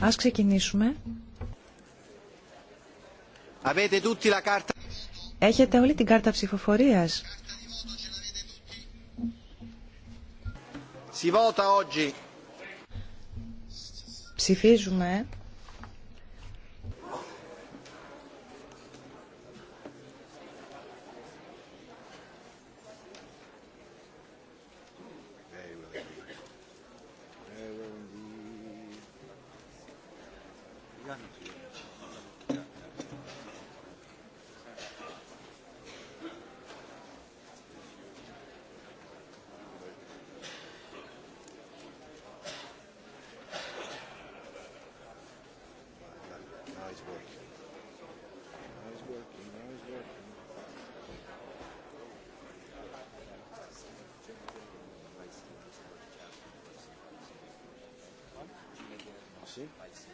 Ας ξεκινήσουμε. Έχετε όλη την κάρτα ψηφοφορίας. Ψηφίζουμε Ευχαριστώ.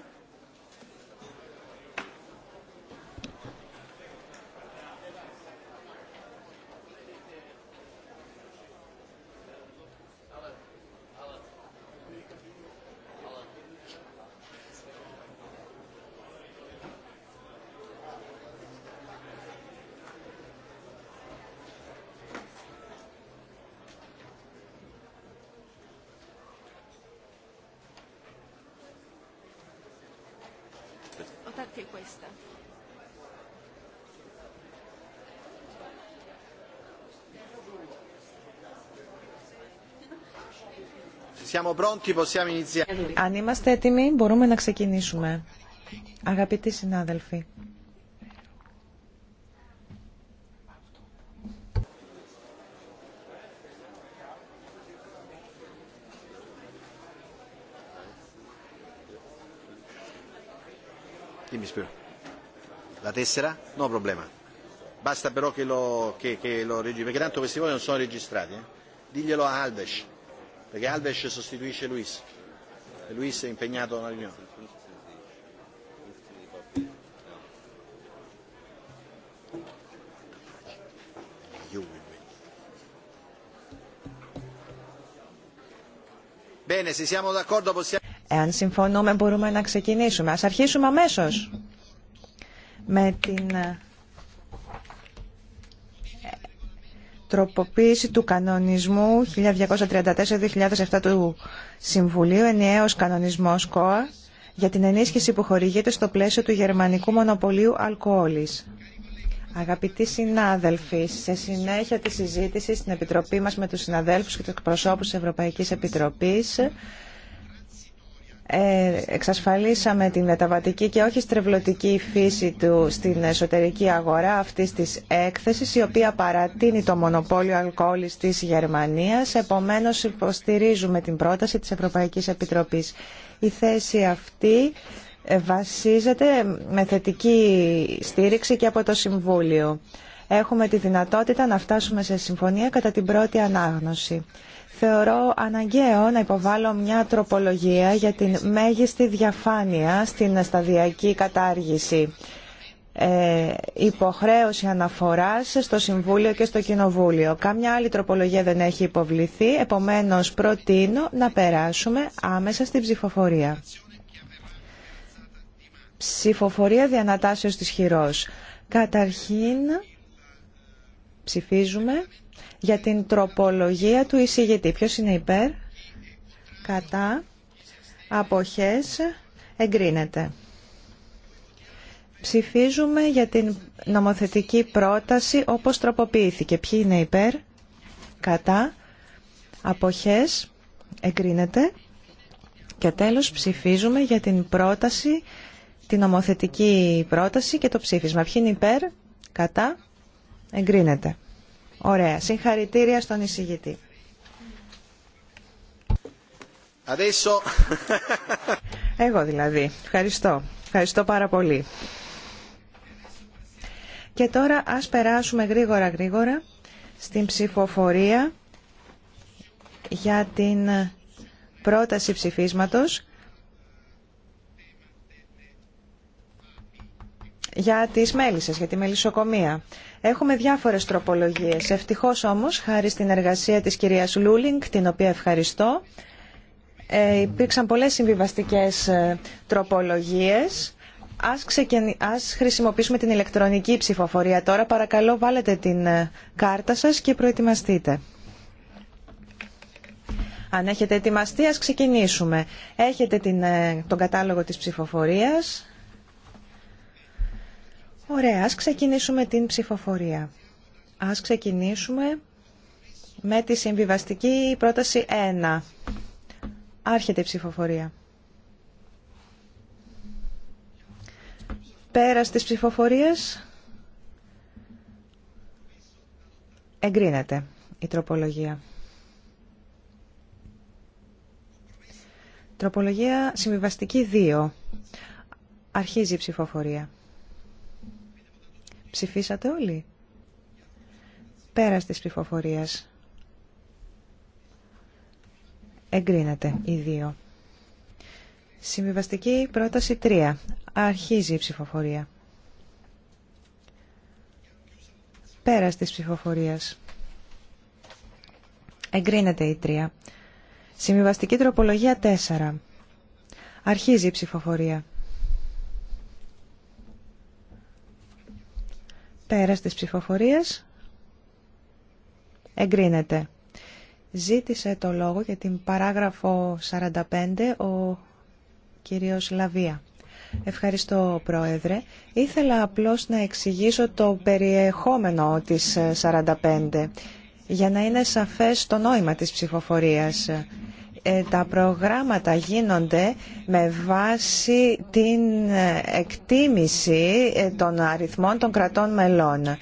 questa. Αν είμαστε έτοιμοι μπορούμε να ξεκινήσουμε. Αγαπητοί συνάδελφοι. tessera? No problema. Basta però che lo, che, che lo registri, perché tanto questi voti non sono registrati. Eh? Diglielo a Alves, perché Alves sostituisce Luis. E Luis è impegnato nella riunione. Bene, se siamo d'accordo possiamo... Εάν συμφωνούμε μπορούμε να ξεκινήσουμε. Ας αρχίσουμε αμέσως με την ε, τροποποίηση του κανονισμού 1234-2007 του Συμβουλίου ενιαίος κανονισμός ΚΟΑ για την ενίσχυση που χορηγείται στο πλαίσιο του γερμανικού μονοπωλίου αλκοόλης. Αγαπητοί συνάδελφοι, σε συνέχεια της συζήτησης στην Επιτροπή μας με τους συναδέλφους και τους προσώπους της Ευρωπαϊκής Επιτροπής, ε, εξασφαλίσαμε την μεταβατική και όχι στρεβλωτική φύση του στην εσωτερική αγορά αυτή της έκθεση, η οποία παρατείνει το μονοπόλιο αλκοόλης της Γερμανία, επομένω υποστηρίζουμε την πρόταση της Ευρωπαϊκής Επιτροπής. Η θέση αυτή ε, βασίζεται με θετική στήριξη και από το Συμβούλιο. Έχουμε τη δυνατότητα να φτάσουμε σε συμφωνία κατά την πρώτη ανάγνωση θεωρώ αναγκαίο να υποβάλω μια τροπολογία για την μέγιστη διαφάνεια στην σταδιακή κατάργηση. Ε, υποχρέωση αναφοράς στο Συμβούλιο και στο Κοινοβούλιο. Κάμια άλλη τροπολογία δεν έχει υποβληθεί, επομένως προτείνω να περάσουμε άμεσα στην ψηφοφορία. Ψηφοφορία διανατάσεως της χειρός. Καταρχήν, Ψηφίζουμε για την τροπολογία του εισηγητή. Ποιο είναι υπέρ, κατά, αποχές, εγκρίνεται. Ψηφίζουμε για την νομοθετική πρόταση όπως τροποποιήθηκε. Ποιοι είναι υπέρ, κατά, αποχές, εγκρίνεται. Και τέλος ψηφίζουμε για την πρόταση, την νομοθετική πρόταση και το ψήφισμα. Ποιοι είναι υπέρ, κατά, Εγκρίνεται. Ωραία. Συγχαρητήρια στον εισηγητή. Εγώ δηλαδή. Ευχαριστώ. Ευχαριστώ πάρα πολύ. Και τώρα ας περάσουμε γρήγορα γρήγορα στην ψηφοφορία για την πρόταση ψηφίσματος για τις μέλισσες, για τη μελισσοκομεία. Έχουμε διάφορες τροπολογίες. Ευτυχώς όμως, χάρη στην εργασία της κυρίας Λούλινγκ, την οποία ευχαριστώ, ε, υπήρξαν πολλές συμβιβαστικές ε, τροπολογίες. Ας, χρησιμοποιήσουμε την ηλεκτρονική ψηφοφορία τώρα. Παρακαλώ βάλετε την ε, κάρτα σας και προετοιμαστείτε. Αν έχετε ετοιμαστεί, ας ξεκινήσουμε. Έχετε την... τον κατάλογο της ψηφοφορίας. Ωραία, ας ξεκινήσουμε την ψηφοφορία. Ας ξεκινήσουμε με τη συμβιβαστική πρόταση 1. Άρχεται η ψηφοφορία. Πέρας της ψηφοφορίας εγκρίνεται η τροπολογία. Τροπολογία συμβιβαστική 2. Αρχίζει η ψηφοφορία. Ψηφίσατε όλοι. Πέρας της ψηφοφορίας. Εγκρίνατε οι δύο. Συμβιβαστική πρόταση 3. Αρχίζει η ψηφοφορία. Πέρας της ψηφοφορίας. Εγκρίνεται η 3. Συμβιβαστική τροπολογία 4. Αρχίζει η ψηφοφορία. Πέρας της ψηφοφορίας. Εγκρίνεται. Ζήτησε το λόγο για την παράγραφο 45 ο κύριος Λαβία. Ευχαριστώ, Πρόεδρε. Ήθελα απλώς να εξηγήσω το περιεχόμενο της 45 για να είναι σαφές το νόημα της ψηφοφορίας. Ε, τα προγράμματα γίνονται με βάση την ε, εκτίμηση ε, των αριθμών των κρατών μελών.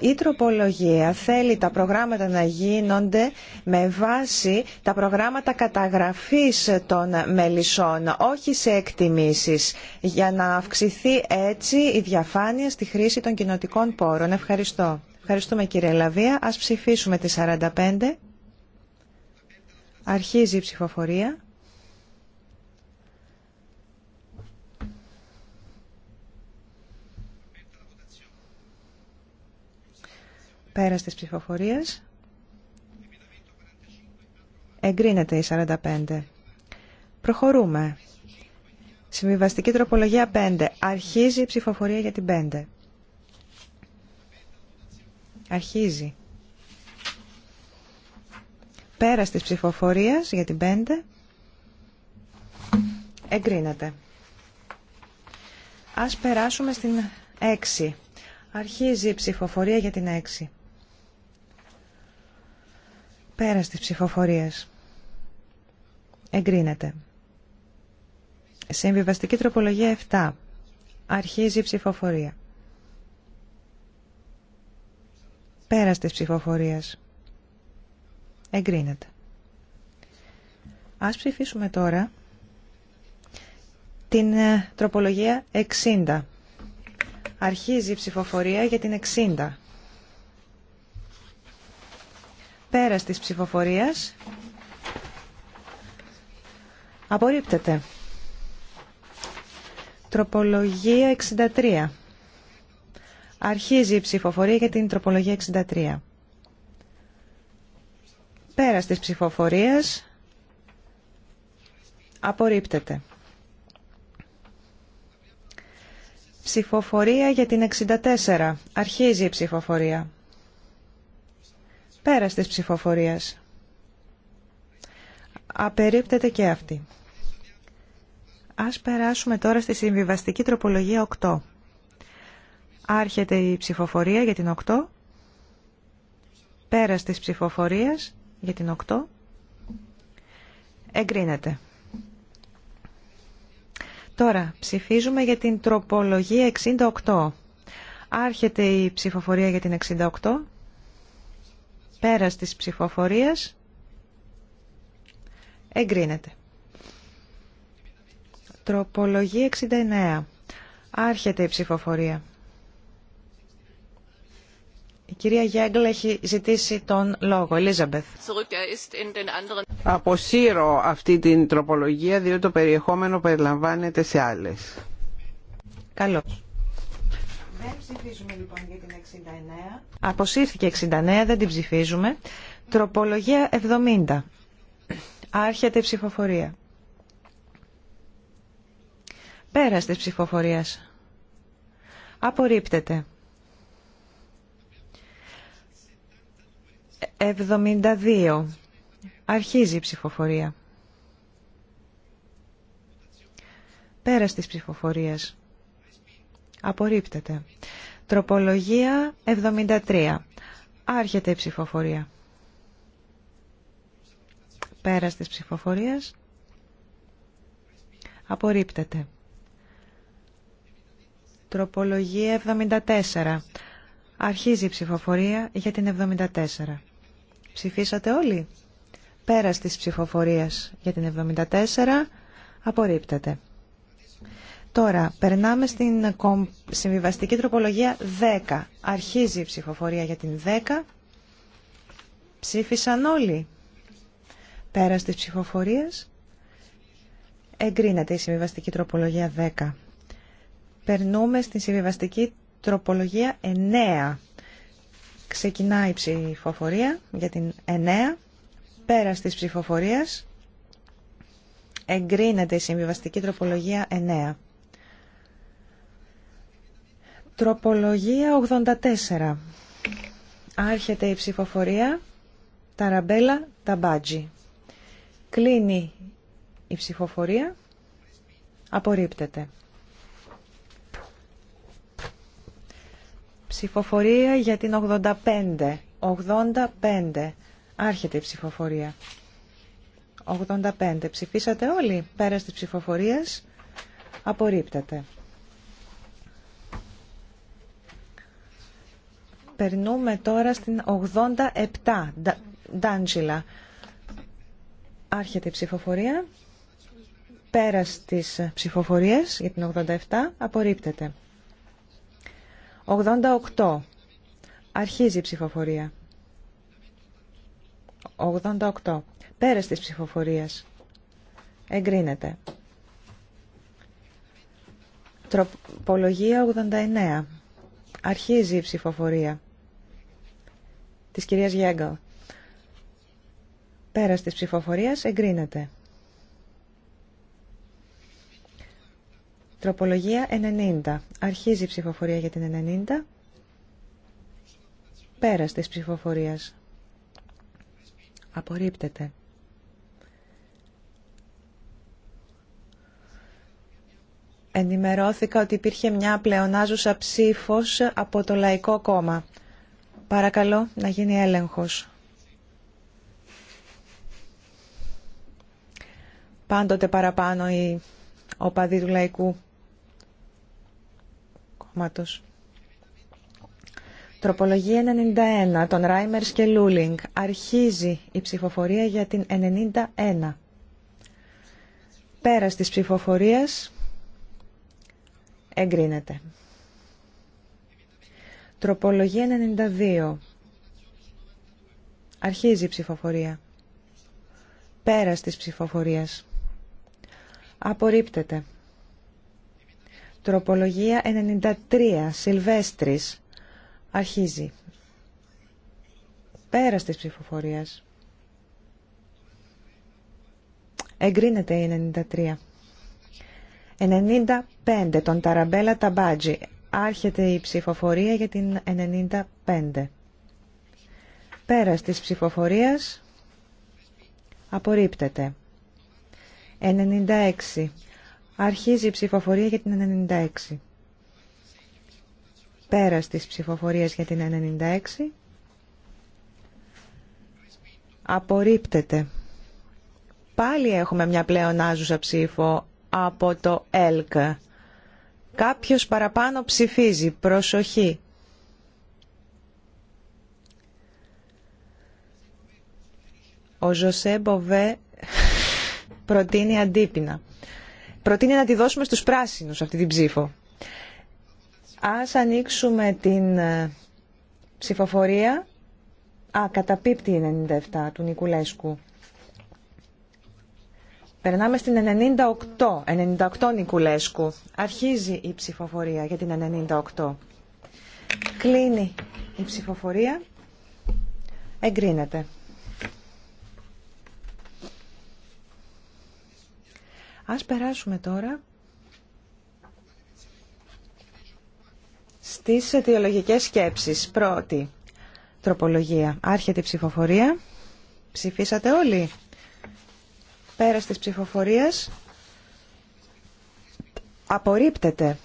Η τροπολογία θέλει τα προγράμματα να γίνονται με βάση τα προγράμματα καταγραφής των μελισσών, όχι σε εκτιμήσεις, για να αυξηθεί έτσι η διαφάνεια στη χρήση των κοινοτικών πόρων. Ευχαριστώ. Ευχαριστούμε κύριε Λαβία. Ας ψηφίσουμε τη 45. Αρχίζει η ψηφοφορία. Πέρα της ψηφοφορίας. Εγκρίνεται η 45. Προχωρούμε. Συμβιβαστική τροπολογία 5. Αρχίζει η ψηφοφορία για την 5. Αρχίζει. Πέρας της ψηφοφορίας για την 5 εγκρίνεται. Ας περάσουμε στην 6. Αρχίζει η ψηφοφορία για την 6. Πέρας της ψηφοφορίας. Εγκρίνεται. Συμβιβαστική τροπολογία 7. Αρχίζει η ψηφοφορία. Πέρας της ψηφοφορίας. Εγκρίνεται. Ας ψηφίσουμε τώρα την ε, τροπολογία 60. Αρχίζει η ψηφοφορία για την 60. Πέρας της ψηφοφορίας απορρίπτεται. Τροπολογία 63. Αρχίζει η ψηφοφορία για την τροπολογία 63. Πέρας της ψηφοφορίας απορρίπτεται. Ψηφοφορία για την 64. Αρχίζει η ψηφοφορία. Πέρας της ψηφοφορίας. Απερίπτεται και αυτή. Ας περάσουμε τώρα στη συμβιβαστική τροπολογία 8. Άρχεται η ψηφοφορία για την 8. Πέρας της ψηφοφορίας για την 8 εγκρίνεται. Τώρα ψηφίζουμε για την τροπολογία 68. Άρχεται η ψηφοφορία για την 68. Πέρας της ψηφοφορίας εγκρίνεται. Τροπολογία 69. Άρχεται η ψηφοφορία. Η κυρία Γέγκλ έχει ζητήσει τον λόγο. Ελίζαμπεθ. Αποσύρω αυτή την τροπολογία διότι το περιεχόμενο περιλαμβάνεται σε άλλες. Καλώς. Δεν ψηφίζουμε λοιπόν για την 69. Αποσύρθηκε 69, δεν την ψηφίζουμε. Τροπολογία 70. Άρχεται η ψηφοφορία. Πέραστε της ψηφοφορίας. Απορρίπτεται. 72. Αρχίζει η ψηφοφορία. Πέρας της ψηφοφορίας. Απορρίπτεται. Τροπολογία 73. Άρχεται η ψηφοφορία. Πέρας της ψηφοφορίας. Απορρίπτεται. Τροπολογία 74. Αρχίζει η ψηφοφορία για την 74. Ψηφίσατε όλοι. Πέρας της ψηφοφορίας για την 74 απορρίπτεται. Τώρα, περνάμε στην συμβιβαστική τροπολογία 10. Αρχίζει η ψηφοφορία για την 10. Ψήφισαν όλοι. Πέρας της ψηφοφορίας εγκρίνεται η συμβιβαστική τροπολογία 10. Περνούμε στην συμβιβαστική τροπολογία 9. Ξεκινάει η ψηφοφορία για την ενεά. Πέρα της ψηφοφορίας εγκρίνεται η συμβιβαστική τροπολογία 9. Τροπολογία 84. Άρχεται η ψηφοφορία Ταραμπέλα μπάτζι. Κλείνει η ψηφοφορία. Απορρίπτεται. Ψηφοφορία για την 85. 85. Άρχεται η ψηφοφορία. 85. Ψηφίσατε όλοι. Πέρα τη ψηφοφορίας απορρίπτεται. Περνούμε τώρα στην 87. Ντάντζιλα. Άρχεται η ψηφοφορία. Πέρα τη ψηφοφορία για την 87 απορρίπτεται. 88. Αρχίζει η ψηφοφορία. 88. Πέρας της ψηφοφορίας. Εγκρίνεται. Τροπολογία 89. Αρχίζει η ψηφοφορία. Της κυρίας Γέγκαλ. Πέρας της ψηφοφορίας εγκρίνεται. Τροπολογία 90. Αρχίζει η ψηφοφορία για την 90. Πέρας της ψηφοφορίας. Απορρίπτεται. Ενημερώθηκα ότι υπήρχε μια πλεονάζουσα ψήφος από το Λαϊκό Κόμμα. Παρακαλώ να γίνει έλεγχος. Πάντοτε παραπάνω ο οπαδοί του Λαϊκού Τροπολογία 91 των Ράιμερς και Λούλινγκ. Αρχίζει η ψηφοφορία για την 91. Πέρας της ψηφοφορίας εγκρίνεται. Τροπολογία 92. Αρχίζει η ψηφοφορία. Πέρας της ψηφοφορίας. Απορρίπτεται. Τροπολογία 93. Σιλβέστρης. Αρχίζει. Πέρας της ψηφοφορίας. Εγκρίνεται η 93. 95. Τον Ταραμπέλα Ταμπάτζη. Άρχεται η ψηφοφορία για την 95. Πέρας της ψηφοφορίας. Απορρίπτεται. 96. Αρχίζει η ψηφοφορία για την 96. Πέρας της ψηφοφορίας για την 96. Απορρίπτεται. Πάλι έχουμε μια πλεονάζουσα ψήφο από το ΕΛΚ. Κάποιος παραπάνω ψηφίζει. Προσοχή. Ο Ζωσέ Μποβέ προτείνει αντίπεινα προτείνει να τη δώσουμε στους πράσινους αυτή την ψήφο. Ας ανοίξουμε την ε, ψηφοφορία. Α, καταπίπτει η 97 του Νικουλέσκου. Περνάμε στην 98. 98 Νικουλέσκου. Αρχίζει η ψηφοφορία για την 98. Κλείνει η ψηφοφορία. Εγκρίνεται. Ας περάσουμε τώρα στις αιτιολογικές σκέψεις. Πρώτη τροπολογία. Άρχεται η ψηφοφορία. Ψηφίσατε όλοι. Πέρας της ψηφοφορίας απορρίπτεται.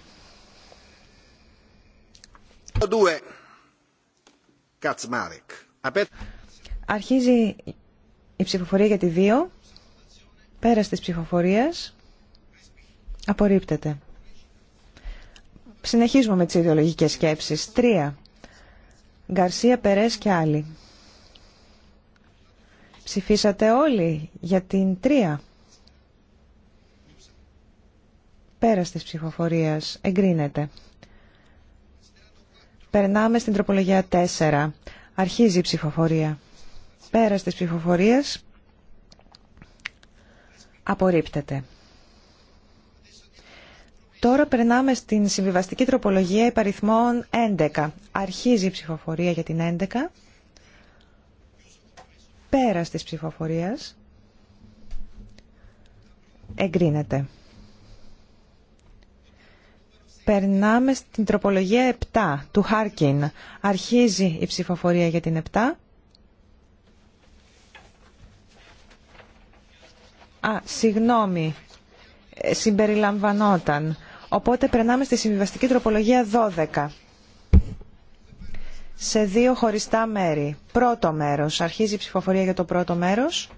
Αρχίζει η ψηφοφορία για τη 2. Πέρας της ψηφοφορίας απορρίπτεται. Συνεχίζουμε με τις ιδεολογικές σκέψεις. Τρία. Γκαρσία, Περές και άλλοι. Ψηφίσατε όλοι για την τρία. Πέρας της ψηφοφορίας εγκρίνεται. Περνάμε στην τροπολογία 4. Αρχίζει η ψηφοφορία. Πέρας της ψηφοφορίας Απορρίπτεται. Τώρα περνάμε στην συμβιβαστική τροπολογία υπαριθμών 11. Αρχίζει η ψηφοφορία για την 11. Πέρας της ψηφοφορίας. Εγκρίνεται. Περνάμε στην τροπολογία 7 του Χάρκιν. Αρχίζει η ψηφοφορία για την 7. Α, συγγνώμη, ε, συμπεριλαμβανόταν. Οπότε περνάμε στη συμβιβαστική τροπολογία 12. Σε δύο χωριστά μέρη. Πρώτο μέρος. Αρχίζει η ψηφοφορία για το πρώτο μέρος.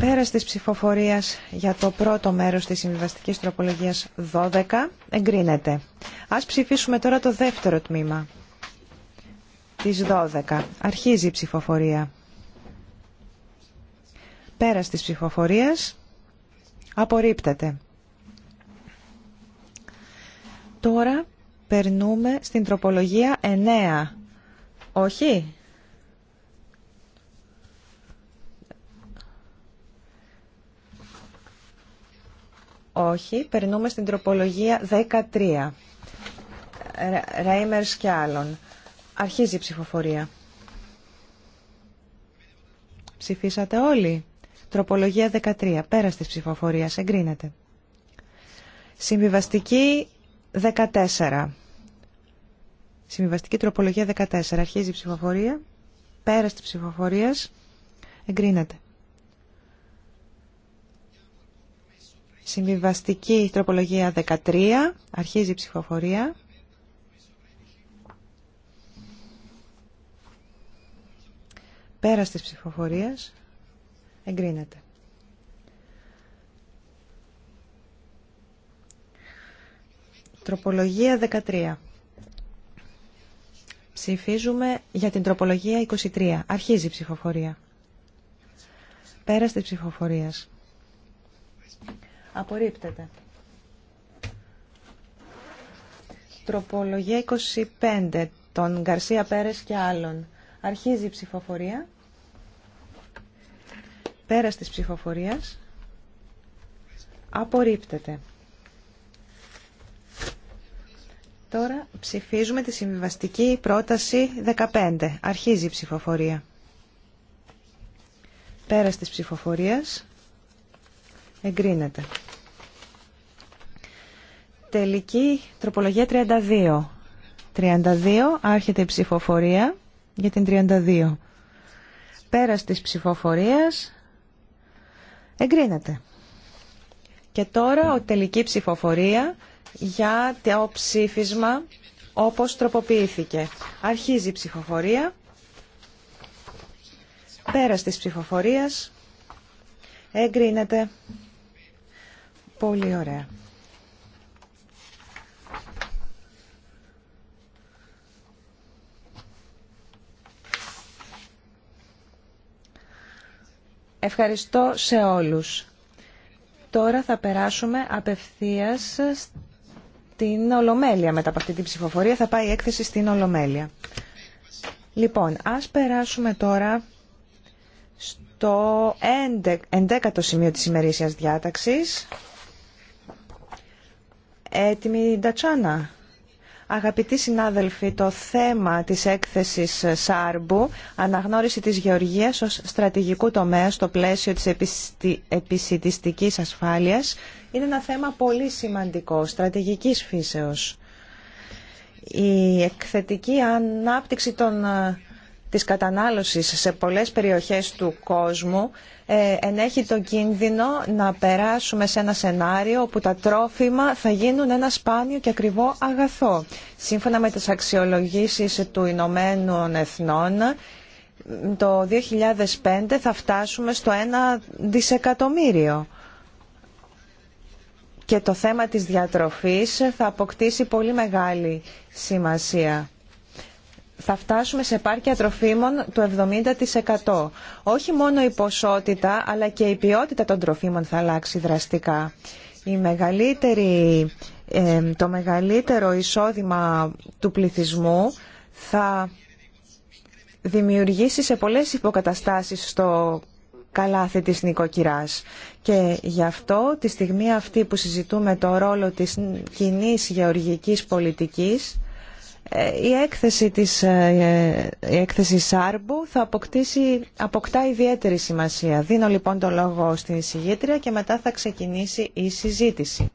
Πέρας της ψηφοφορίας για το πρώτο μέρος της συμβιβαστικής τροπολογίας 12 εγκρίνεται. Ας ψηφίσουμε τώρα το δεύτερο τμήμα της 12. Αρχίζει η ψηφοφορία. Πέρας της ψηφοφορίας απορρίπτεται. Τώρα περνούμε στην τροπολογία 9. Όχι. Όχι, περνούμε στην τροπολογία 13. Ρέιμερς και άλλων. Αρχίζει η ψηφοφορία. Ψηφίσατε όλοι. Τροπολογία 13. πέρα της ψηφοφορίας. Εγκρίνεται. Συμβιβαστική 14. Συμβιβαστική τροπολογία 14. Αρχίζει η ψηφοφορία. Πέρας της ψηφοφορίας. Εγκρίνεται. Συμβιβαστική τροπολογία 13. Αρχίζει η ψηφοφορία. Πέρας της ψηφοφορίας. Εγκρίνεται. Τροπολογία 13. Ψηφίζουμε για την τροπολογία 23. Αρχίζει η ψηφοφορία. Πέραστη της ψηφοφορίας. Απορρίπτεται. Τροπολογία 25 των Γκαρσία Πέρες και άλλων. Αρχίζει η ψηφοφορία. Πέρας της ψηφοφορίας απορρίπτεται. Τώρα ψηφίζουμε τη συμβιβαστική πρόταση 15. Αρχίζει η ψηφοφορία. Πέρας της ψηφοφορίας εγκρίνεται. Τελική τροπολογία 32. 32 άρχεται η ψηφοφορία για την 32. Πέρας της ψηφοφορίας Εγκρίνεται. Και τώρα ο τελική ψηφοφορία για το ψήφισμα όπως τροποποιήθηκε. Αρχίζει η ψηφοφορία. πέρα της ψηφοφορίας. Εγκρίνεται. Πολύ ωραία. Ευχαριστώ σε όλους. Τώρα θα περάσουμε απευθείας στην Ολομέλεια. Μετά από αυτή την ψηφοφορία θα πάει η έκθεση στην Ολομέλεια. Λοιπόν, ας περάσουμε τώρα στο 11ο σημείο της ημερήσιας διάταξης. Έτοιμη Ντατσάνα. Αγαπητοί συνάδελφοι, το θέμα της έκθεσης Σάρμπου, αναγνώριση της γεωργίας ως στρατηγικού τομέα στο πλαίσιο της επισυτιστικής ασφάλειας, είναι ένα θέμα πολύ σημαντικό, στρατηγικής φύσεως. Η εκθετική ανάπτυξη των της κατανάλωσης σε πολλές περιοχές του κόσμου ε, ενέχει το κίνδυνο να περάσουμε σε ένα σενάριο όπου τα τρόφιμα θα γίνουν ένα σπάνιο και ακριβό αγαθό. Σύμφωνα με τις αξιολογήσεις του Ηνωμένων Εθνών, το 2005 θα φτάσουμε στο ένα δισεκατομμύριο. Και το θέμα της διατροφής θα αποκτήσει πολύ μεγάλη σημασία θα φτάσουμε σε επάρκεια τροφίμων του 70%. Όχι μόνο η ποσότητα, αλλά και η ποιότητα των τροφίμων θα αλλάξει δραστικά. Η μεγαλύτερη, ε, το μεγαλύτερο εισόδημα του πληθυσμού θα δημιουργήσει σε πολλές υποκαταστάσεις στο καλάθι της νοικοκυράς. Και γι' αυτό τη στιγμή αυτή που συζητούμε το ρόλο της κοινή γεωργικής πολιτικής ε, η έκθεση, της, ε, ε, η έκθεση Σάρμπου θα αποκτήσει, αποκτά ιδιαίτερη σημασία. Δίνω λοιπόν το λόγο στην εισηγήτρια και μετά θα ξεκινήσει η συζήτηση.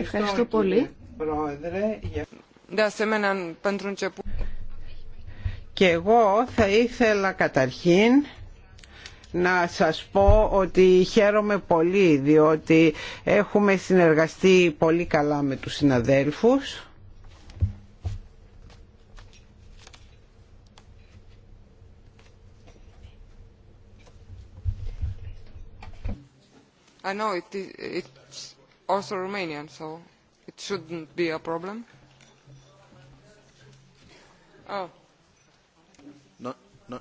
Ευχαριστώ πολύ. Και εγώ θα ήθελα καταρχήν να σας πω ότι χαίρομαι πολύ διότι έχουμε συνεργαστεί πολύ καλά με τους συναδέλφους. I know it, is it's also Romanian, so it shouldn't be a problem. Oh. No, no.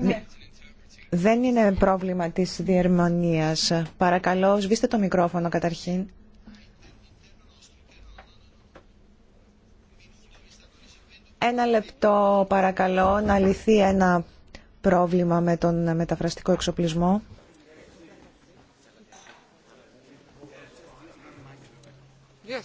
Ναι. Δεν είναι πρόβλημα της διερμανίας. Παρακαλώ, σβήστε το μικρόφωνο καταρχήν. Ένα λεπτό παρακαλώ να λυθεί ένα πρόβλημα με τον μεταφραστικό εξοπλισμό. Yes.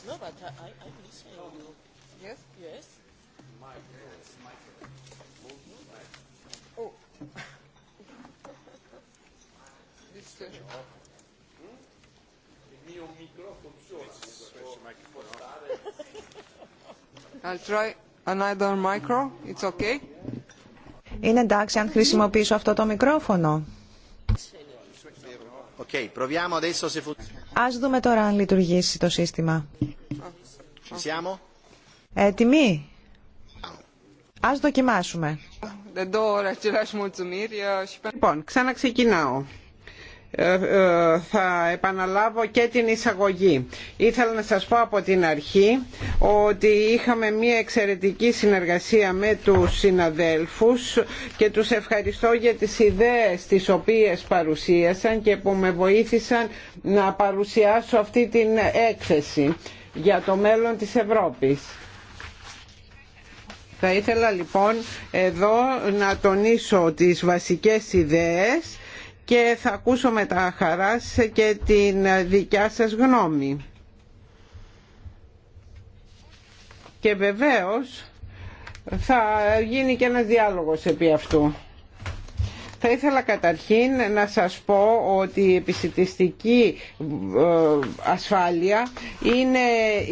Είναι εντάξει αν χρησιμοποιήσω αυτό το μικρόφωνο. Okay, Ας δούμε τώρα αν λειτουργήσει το σύστημα. Siamo? Έτοιμοι. Ας δοκιμάσουμε. Λοιπόν, ξαναξεκινάω. Ε, ε, θα επαναλάβω και την εισαγωγή. Ήθελα να σας πω από την αρχή ότι είχαμε μια εξαιρετική συνεργασία με τους συναδέλφους και τους ευχαριστώ για τις ιδέες τις οποίες παρουσίασαν και που με βοήθησαν να παρουσιάσω αυτή την έκθεση για το μέλλον της Ευρώπης. Θα ήθελα λοιπόν εδώ να τονίσω τις βασικές ιδέες και θα ακούσω με τα χαράς και την δικιά σας γνώμη. Και βεβαίως θα γίνει και ένας διάλογος επί αυτού. Θα ήθελα καταρχήν να σας πω ότι η επισητιστική ε, ασφάλεια είναι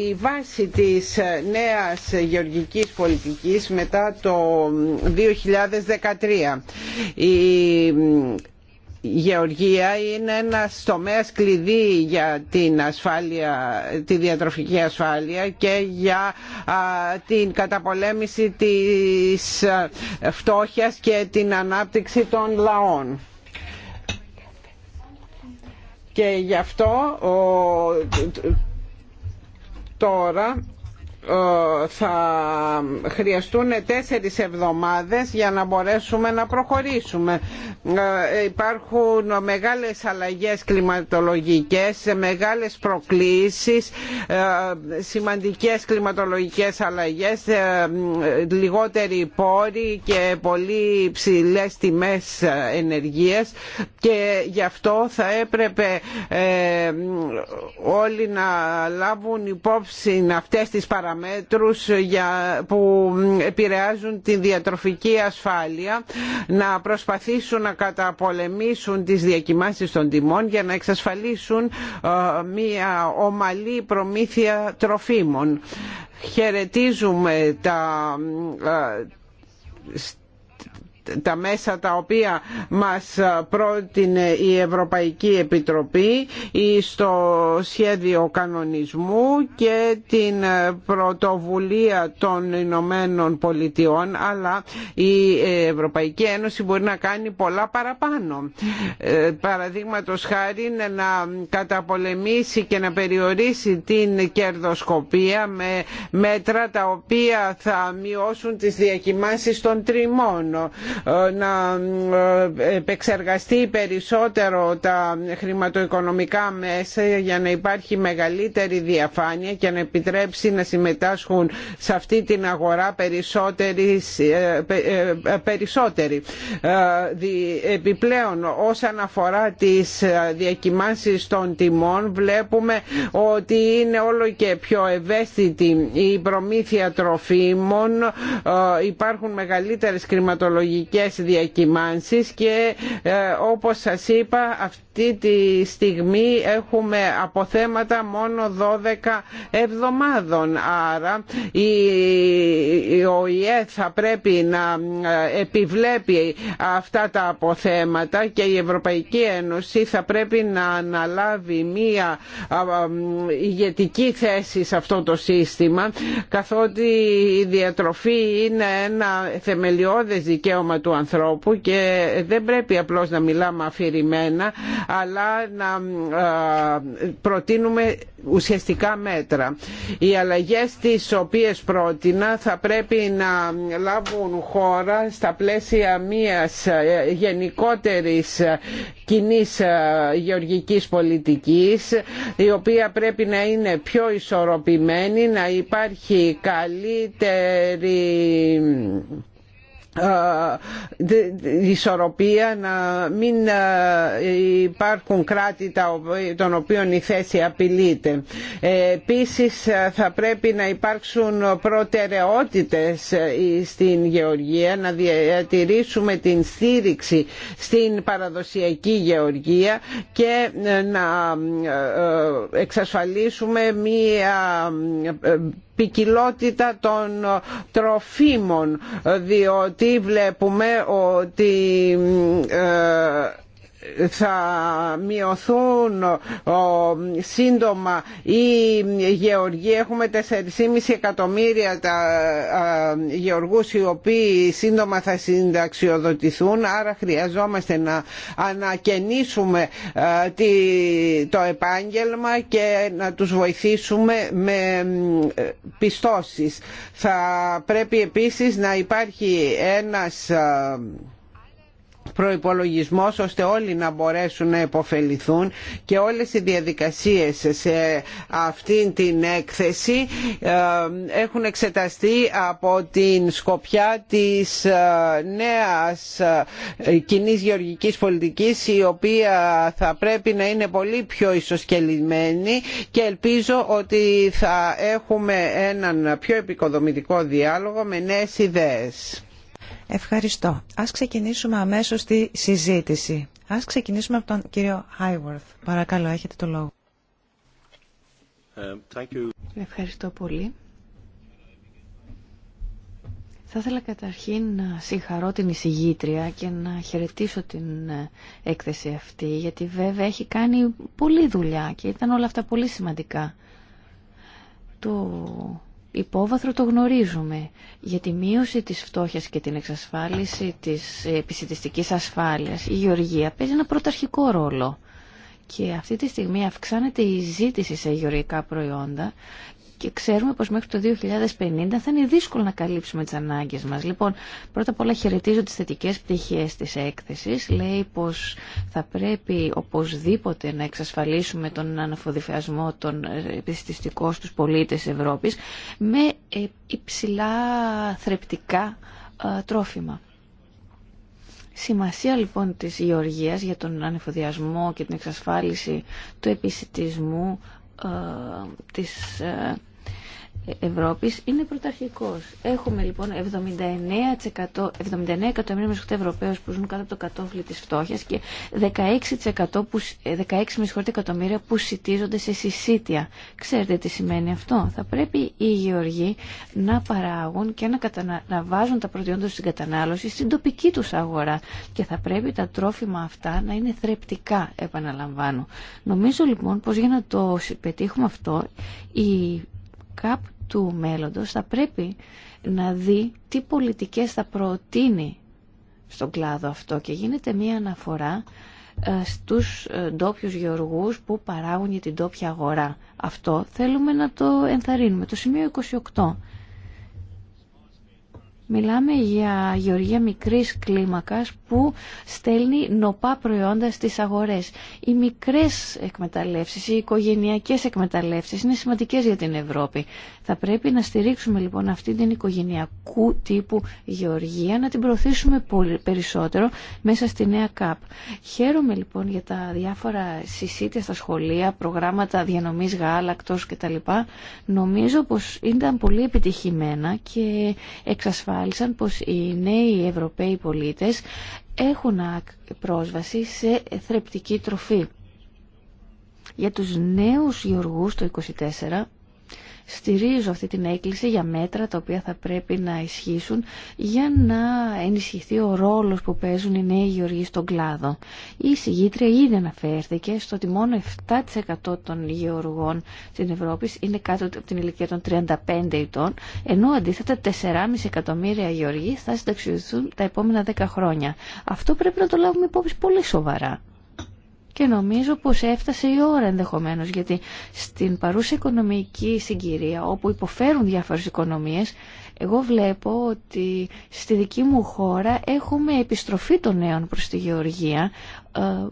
η βάση της νέας γεωργικής πολιτικής μετά το 2013. Η γεωργία είναι ένα τομέα κλειδί για την ασφάλεια, τη διατροφική ασφάλεια και για την καταπολέμηση της φτώχειας και την ανάπτυξη των λαών και γι' αυτό τώρα ε, θα χρειαστούν τέσσερις εβδομάδες για να μπορέσουμε να προχωρήσουμε. Ε, υπάρχουν μεγάλες αλλαγές κλιματολογικές, μεγάλες προκλήσεις, ε, σημαντικές κλιματολογικές αλλαγές, λιγότεροι πόροι και πολύ ψηλές τιμές ενεργείας και γι' αυτό θα έπρεπε όλοι να λάβουν υπόψη αυτές τις παραμέτρους παραμέτρους για, που επηρεάζουν τη διατροφική ασφάλεια να προσπαθήσουν να καταπολεμήσουν τις διακοιμάνσεις των τιμών για να εξασφαλίσουν ε, μια ομαλή προμήθεια τροφίμων. Χαιρετίζουμε τα ε, τα μέσα τα οποία μας πρότεινε η Ευρωπαϊκή Επιτροπή στο σχέδιο κανονισμού και την πρωτοβουλία των Ηνωμένων Πολιτειών αλλά η Ευρωπαϊκή Ένωση μπορεί να κάνει πολλά παραπάνω. Ε, παραδείγματος χάρη να καταπολεμήσει και να περιορίσει την κερδοσκοπία με μέτρα τα οποία θα μειώσουν τις διακοιμάνσεις των τριμών ε, να ε, επεξεργαστεί περισσότερο τα χρηματοοικονομικά μέσα για να υπάρχει μεγαλύτερη διαφάνεια και να επιτρέψει να συμμετάσχουν σε αυτή την αγορά περισσότεροι. Ε, επιπλέον όσον αφορά τις διακοιμάνσεις των τιμών βλέπουμε ότι είναι όλο και πιο ευαίσθητη η προμήθεια τροφίμων υπάρχουν μεγαλύτερες κρηματολογικές στρατηγικές διακυμάνσεις και ε, όπως σας είπα αυτή τη στιγμή έχουμε αποθέματα μόνο 12 εβδομάδων. Άρα η ΟΗΕ θα πρέπει να επιβλέπει αυτά τα αποθέματα και η Ευρωπαϊκή Ένωση θα πρέπει να αναλάβει μία ηγετική θέση σε αυτό το σύστημα καθότι η διατροφή είναι ένα θεμελιώδες δικαίωμα του ανθρώπου και δεν πρέπει απλώς να μιλάμε αφηρημένα αλλά να προτείνουμε ουσιαστικά μέτρα. Οι αλλαγές τις οποίες πρότεινα θα πρέπει να λάβουν χώρα στα πλαίσια μιας ε, γενικότερης ε, κοινής ε, γεωργικής πολιτικής η οποία πρέπει να είναι πιο ισορροπημένη, να υπάρχει καλύτερη ισορροπία να μην υπάρχουν κράτη των οποίων η θέση απειλείται. Ε, επίσης θα πρέπει να υπάρξουν προτεραιότητες ε, στην γεωργία, να διατηρήσουμε την στήριξη στην παραδοσιακή γεωργία και ε, να εξασφαλίσουμε μία ποικιλότητα των τροφίμων διότι βλέπουμε ότι ε, θα μειωθούν σύντομα ή γεωργοί. Έχουμε 4,5 εκατομμύρια τα γεωργούς οι οποίοι σύντομα θα συνταξιοδοτηθούν άρα χρειαζόμαστε να ανακαινήσουμε το επάγγελμα και να τους βοηθήσουμε με πιστώσεις. Θα πρέπει επίσης να υπάρχει ένας προϋπολογισμός ώστε όλοι να μπορέσουν να υποφεληθούν και όλες οι διαδικασίες σε αυτήν την έκθεση ε, έχουν εξεταστεί από την σκοπιά της ε, νέας ε, κοινή γεωργικής πολιτικής η οποία θα πρέπει να είναι πολύ πιο ισοσκελισμένη και ελπίζω ότι θα έχουμε έναν πιο επικοδομητικό διάλογο με νέες ιδέες. Ευχαριστώ. Ας ξεκινήσουμε αμέσως τη συζήτηση. Ας ξεκινήσουμε από τον κύριο Χάιουαρθ. Παρακαλώ, έχετε το λόγο. Ε, Ευχαριστώ πολύ. Θα ήθελα καταρχήν να συγχαρώ την εισηγήτρια και να χαιρετήσω την ε, έκθεση αυτή, γιατί βέβαια έχει κάνει πολλή δουλειά και ήταν όλα αυτά πολύ σημαντικά. Το υπόβαθρο το γνωρίζουμε. Για τη μείωση της φτώχειας και την εξασφάλιση της ε, επισητιστικής ασφάλειας, η γεωργία παίζει ένα πρωταρχικό ρόλο. Και αυτή τη στιγμή αυξάνεται η ζήτηση σε γεωργικά προϊόντα και ξέρουμε πως μέχρι το 2050 θα είναι δύσκολο να καλύψουμε τις ανάγκες μας. Λοιπόν, πρώτα απ' όλα χαιρετίζω τις θετικές πτυχές της έκθεσης. Λέει πως θα πρέπει οπωσδήποτε να εξασφαλίσουμε τον αναφοδιφασμό των επιστηστικών στους πολίτες Ευρώπης με ε, υψηλά θρεπτικά ε, τρόφιμα. Σημασία λοιπόν της γεωργίας για τον ανεφοδιασμό και την εξασφάλιση του επισητισμού, ε, της Ευρώπης είναι πρωταρχικός. Έχουμε λοιπόν 79%, εκατομμύρια μεσοχτέ Ευρωπαίους που ζουν κάτω από το κατόφλι της φτώχειας και 16%, που, 16 ε, εκατομμύρια που σητίζονται σε συσίτια. Ξέρετε τι σημαίνει αυτό. Θα πρέπει οι γεωργοί να παράγουν και να, να βάζουν τα προϊόντα στην κατανάλωση στην τοπική τους αγορά και θα πρέπει τα τρόφιμα αυτά να είναι θρεπτικά, επαναλαμβάνω. Νομίζω λοιπόν πως για να το πετύχουμε αυτό η ΚΑΠ του μέλλοντος θα πρέπει να δει τι πολιτικές θα προτείνει στον κλάδο αυτό και γίνεται μία αναφορά ε, στους ε, ντόπιου γεωργούς που παράγουν για την ντόπια αγορά. Αυτό θέλουμε να το ενθαρρύνουμε. Το σημείο 28 Μιλάμε για γεωργία μικρής κλίμακας που στέλνει νοπά προϊόντα στις αγορές. Οι μικρές εκμεταλλεύσεις, οι οικογενειακές εκμεταλλεύσεις είναι σημαντικές για την Ευρώπη. Θα πρέπει να στηρίξουμε λοιπόν αυτή την οικογενειακού τύπου γεωργία, να την προωθήσουμε περισσότερο μέσα στη νέα ΚΑΠ. Χαίρομαι λοιπόν για τα διάφορα συσίτια στα σχολεία, προγράμματα διανομής γάλακτος κτλ. Νομίζω πως ήταν πολύ επιτυχημένα και εξασφαλισμένα επιβάλλησαν πως οι νέοι Ευρωπαίοι πολίτες έχουν πρόσβαση σε θρεπτική τροφή. Για τους νέους γεωργούς το 2024 στηρίζω αυτή την έκκληση για μέτρα τα οποία θα πρέπει να ισχύσουν για να ενισχυθεί ο ρόλος που παίζουν οι νέοι γεωργοί στον κλάδο. Η συγγήτρια ήδη αναφέρθηκε στο ότι μόνο 7% των γεωργών στην Ευρώπη είναι κάτω από την ηλικία των 35 ετών, ενώ αντίθετα 4,5 εκατομμύρια γεωργοί θα συνταξιωθούν τα επόμενα 10 χρόνια. Αυτό πρέπει να το λάβουμε υπόψη πολύ σοβαρά και νομίζω πως έφτασε η ώρα ενδεχομένως γιατί στην παρούσα οικονομική συγκυρία όπου υποφέρουν διάφορες οικονομίες εγώ βλέπω ότι στη δική μου χώρα έχουμε επιστροφή των νέων προς τη γεωργία ε,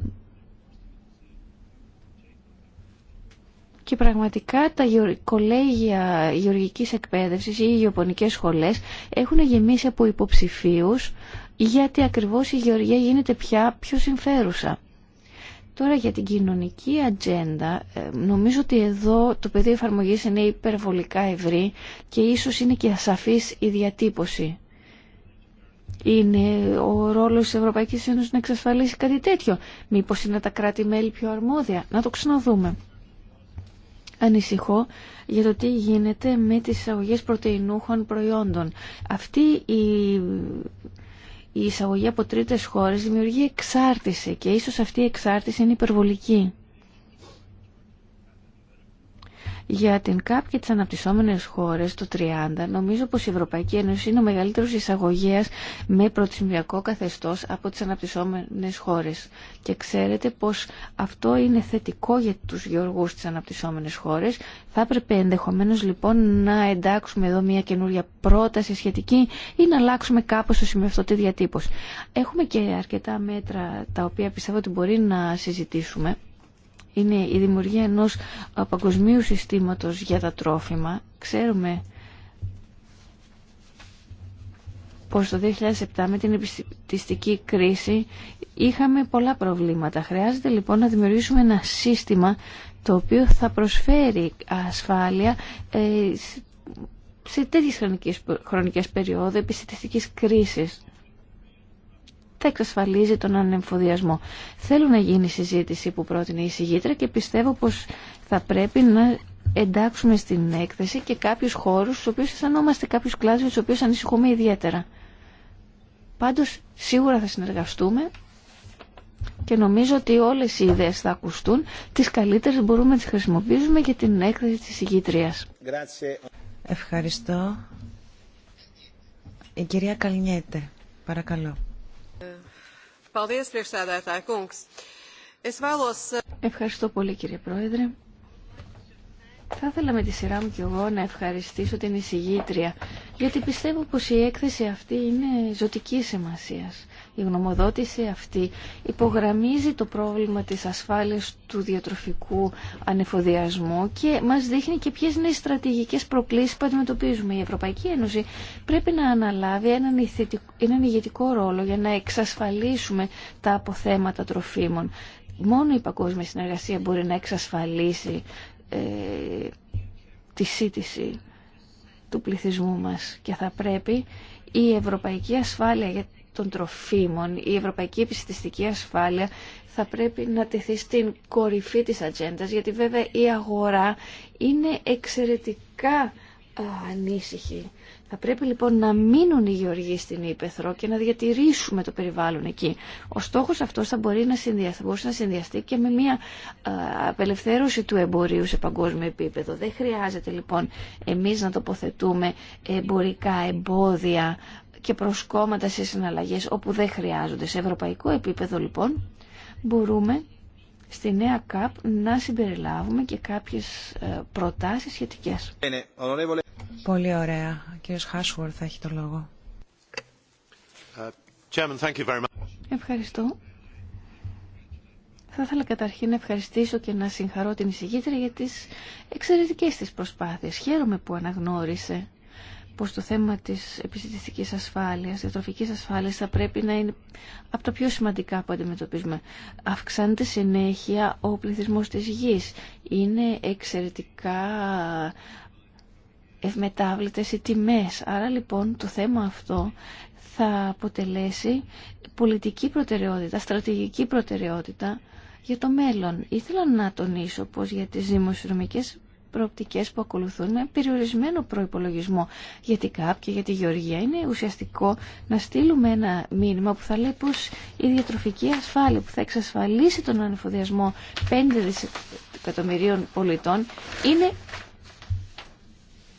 και πραγματικά τα κολέγια γεωργικής εκπαίδευσης ή οι γεωπονικές σχολές έχουν γεμίσει από υποψηφίους γιατί ακριβώς η γεωργία γίνεται πια πιο συμφέρουσα. Τώρα για την κοινωνική ατζέντα, ε, νομίζω ότι εδώ το πεδίο εφαρμογής είναι υπερβολικά ευρύ και ίσως είναι και ασαφής η διατύπωση. Είναι ο ρόλος της Ευρωπαϊκής Ένωσης να εξασφαλίσει κάτι τέτοιο. Μήπως είναι τα κράτη-μέλη πιο αρμόδια. Να το ξαναδούμε. Ανησυχώ για το τι γίνεται με τις εισαγωγές πρωτεϊνούχων προϊόντων. Αυτή η η εισαγωγή από τρίτες χώρες δημιουργεί εξάρτηση και ίσως αυτή η εξάρτηση είναι υπερβολική. Για την ΚΑΠ και τις αναπτυσσόμενες χώρες το 30 νομίζω πως η Ευρωπαϊκή Ένωση είναι ο μεγαλύτερος εισαγωγέας με προτιμιακό καθεστώς από τις αναπτυσσόμενες χώρες. Και ξέρετε πως αυτό είναι θετικό για τους γεωργούς της αναπτυσσόμενες χώρες. Θα έπρεπε ενδεχομένως λοιπόν να εντάξουμε εδώ μια καινούρια πρόταση σχετική ή να αλλάξουμε κάπως το σημείο αυτό τη διατύπωση. Έχουμε και αρκετά μέτρα τα οποία πιστεύω ότι μπορεί να συζητήσουμε είναι η δημιουργία ενός ε, παγκοσμίου συστήματος για τα τρόφιμα. Ξέρουμε πως το 2007 με την επιστημιστική κρίση είχαμε πολλά προβλήματα. Χρειάζεται λοιπόν να δημιουργήσουμε ένα σύστημα το οποίο θα προσφέρει ασφάλεια ε, σε τέτοιες χρονικές, χρονικές περίοδου επιστημιστικής κρίσης θα εξασφαλίζει τον ανεμφοδιασμό. Θέλω να γίνει η συζήτηση που πρότεινε η συγγήτρα και πιστεύω πως θα πρέπει να εντάξουμε στην έκθεση και κάποιους χώρους στους οποίους αισθανόμαστε κάποιους κλάδους στους οποίους ανησυχούμε ιδιαίτερα. Πάντως σίγουρα θα συνεργαστούμε και νομίζω ότι όλες οι ιδέες θα ακουστούν. Τις καλύτερες μπορούμε να τις χρησιμοποιήσουμε για την έκθεση της ηγήτριας. Ευχαριστώ. Η κυρία Καλνιέτε, παρακαλώ. Eh, Ευχαριστώ πολύ κύριε Πρόεδρε. Θα ήθελα με τη σειρά μου και εγώ να ευχαριστήσω την εισηγήτρια, γιατί πιστεύω πως η έκθεση αυτή είναι ζωτική σημασίας. Η γνωμοδότηση αυτή υπογραμμίζει το πρόβλημα της ασφάλειας του διατροφικού ανεφοδιασμού και μας δείχνει και ποιες είναι οι στρατηγικές προκλήσεις που αντιμετωπίζουμε. Η Ευρωπαϊκή Ένωση πρέπει να αναλάβει έναν, έναν ηγετικό ρόλο για να εξασφαλίσουμε τα αποθέματα τροφίμων. Μόνο η παγκόσμια συνεργασία μπορεί να εξασφαλίσει ε, τη σύντηση του πληθυσμού μας και θα πρέπει η ευρωπαϊκή ασφάλεια των τροφίμων, η ευρωπαϊκή επιστηστική ασφάλεια θα πρέπει να τεθεί στην κορυφή της ατζέντα, γιατί βέβαια η αγορά είναι εξαιρετικά ανήσυχη. Θα πρέπει λοιπόν να μείνουν οι γεωργοί στην Ήπεθρο και να διατηρήσουμε το περιβάλλον εκεί. Ο στόχος αυτός θα, μπορεί να συνδυαστεί, να συνδυαστεί και με μια απελευθέρωση του εμπορίου σε παγκόσμιο επίπεδο. Δεν χρειάζεται λοιπόν εμείς να τοποθετούμε εμπορικά εμπόδια και προσκόμματα σε συναλλαγές όπου δεν χρειάζονται. Σε ευρωπαϊκό επίπεδο λοιπόν μπορούμε στη νέα ΚΑΠ να συμπεριλάβουμε και κάποιες ε, προτάσεις σχετικές. Πολύ ωραία. Ο κύριος Χάσουορ θα έχει το λόγο. Ε, Ευχαριστώ. Θα ήθελα καταρχήν να ευχαριστήσω και να συγχαρώ την εισηγήτρια για τις εξαιρετικές της προσπάθειες. Χαίρομαι που αναγνώρισε πως το θέμα της επιστημιστικής ασφάλειας, της τροφικής ασφάλειας θα πρέπει να είναι από τα πιο σημαντικά που αντιμετωπίζουμε. Αυξάνεται συνέχεια ο πληθυσμός της γης. Είναι εξαιρετικά ευμετάβλητες οι τιμές. Άρα λοιπόν το θέμα αυτό θα αποτελέσει πολιτική προτεραιότητα, στρατηγική προτεραιότητα για το μέλλον. Ήθελα να τονίσω πως για τις δημοσιονομικές προοπτικές που ακολουθούν περιορισμένο προϋπολογισμό. ΚΑΠ και για τη γεωργία είναι ουσιαστικό να στείλουμε ένα μήνυμα που θα λέει πως η διατροφική ασφάλεια που θα εξασφαλίσει τον ανεφοδιασμό 5 δισεκατομμυρίων πολιτών είναι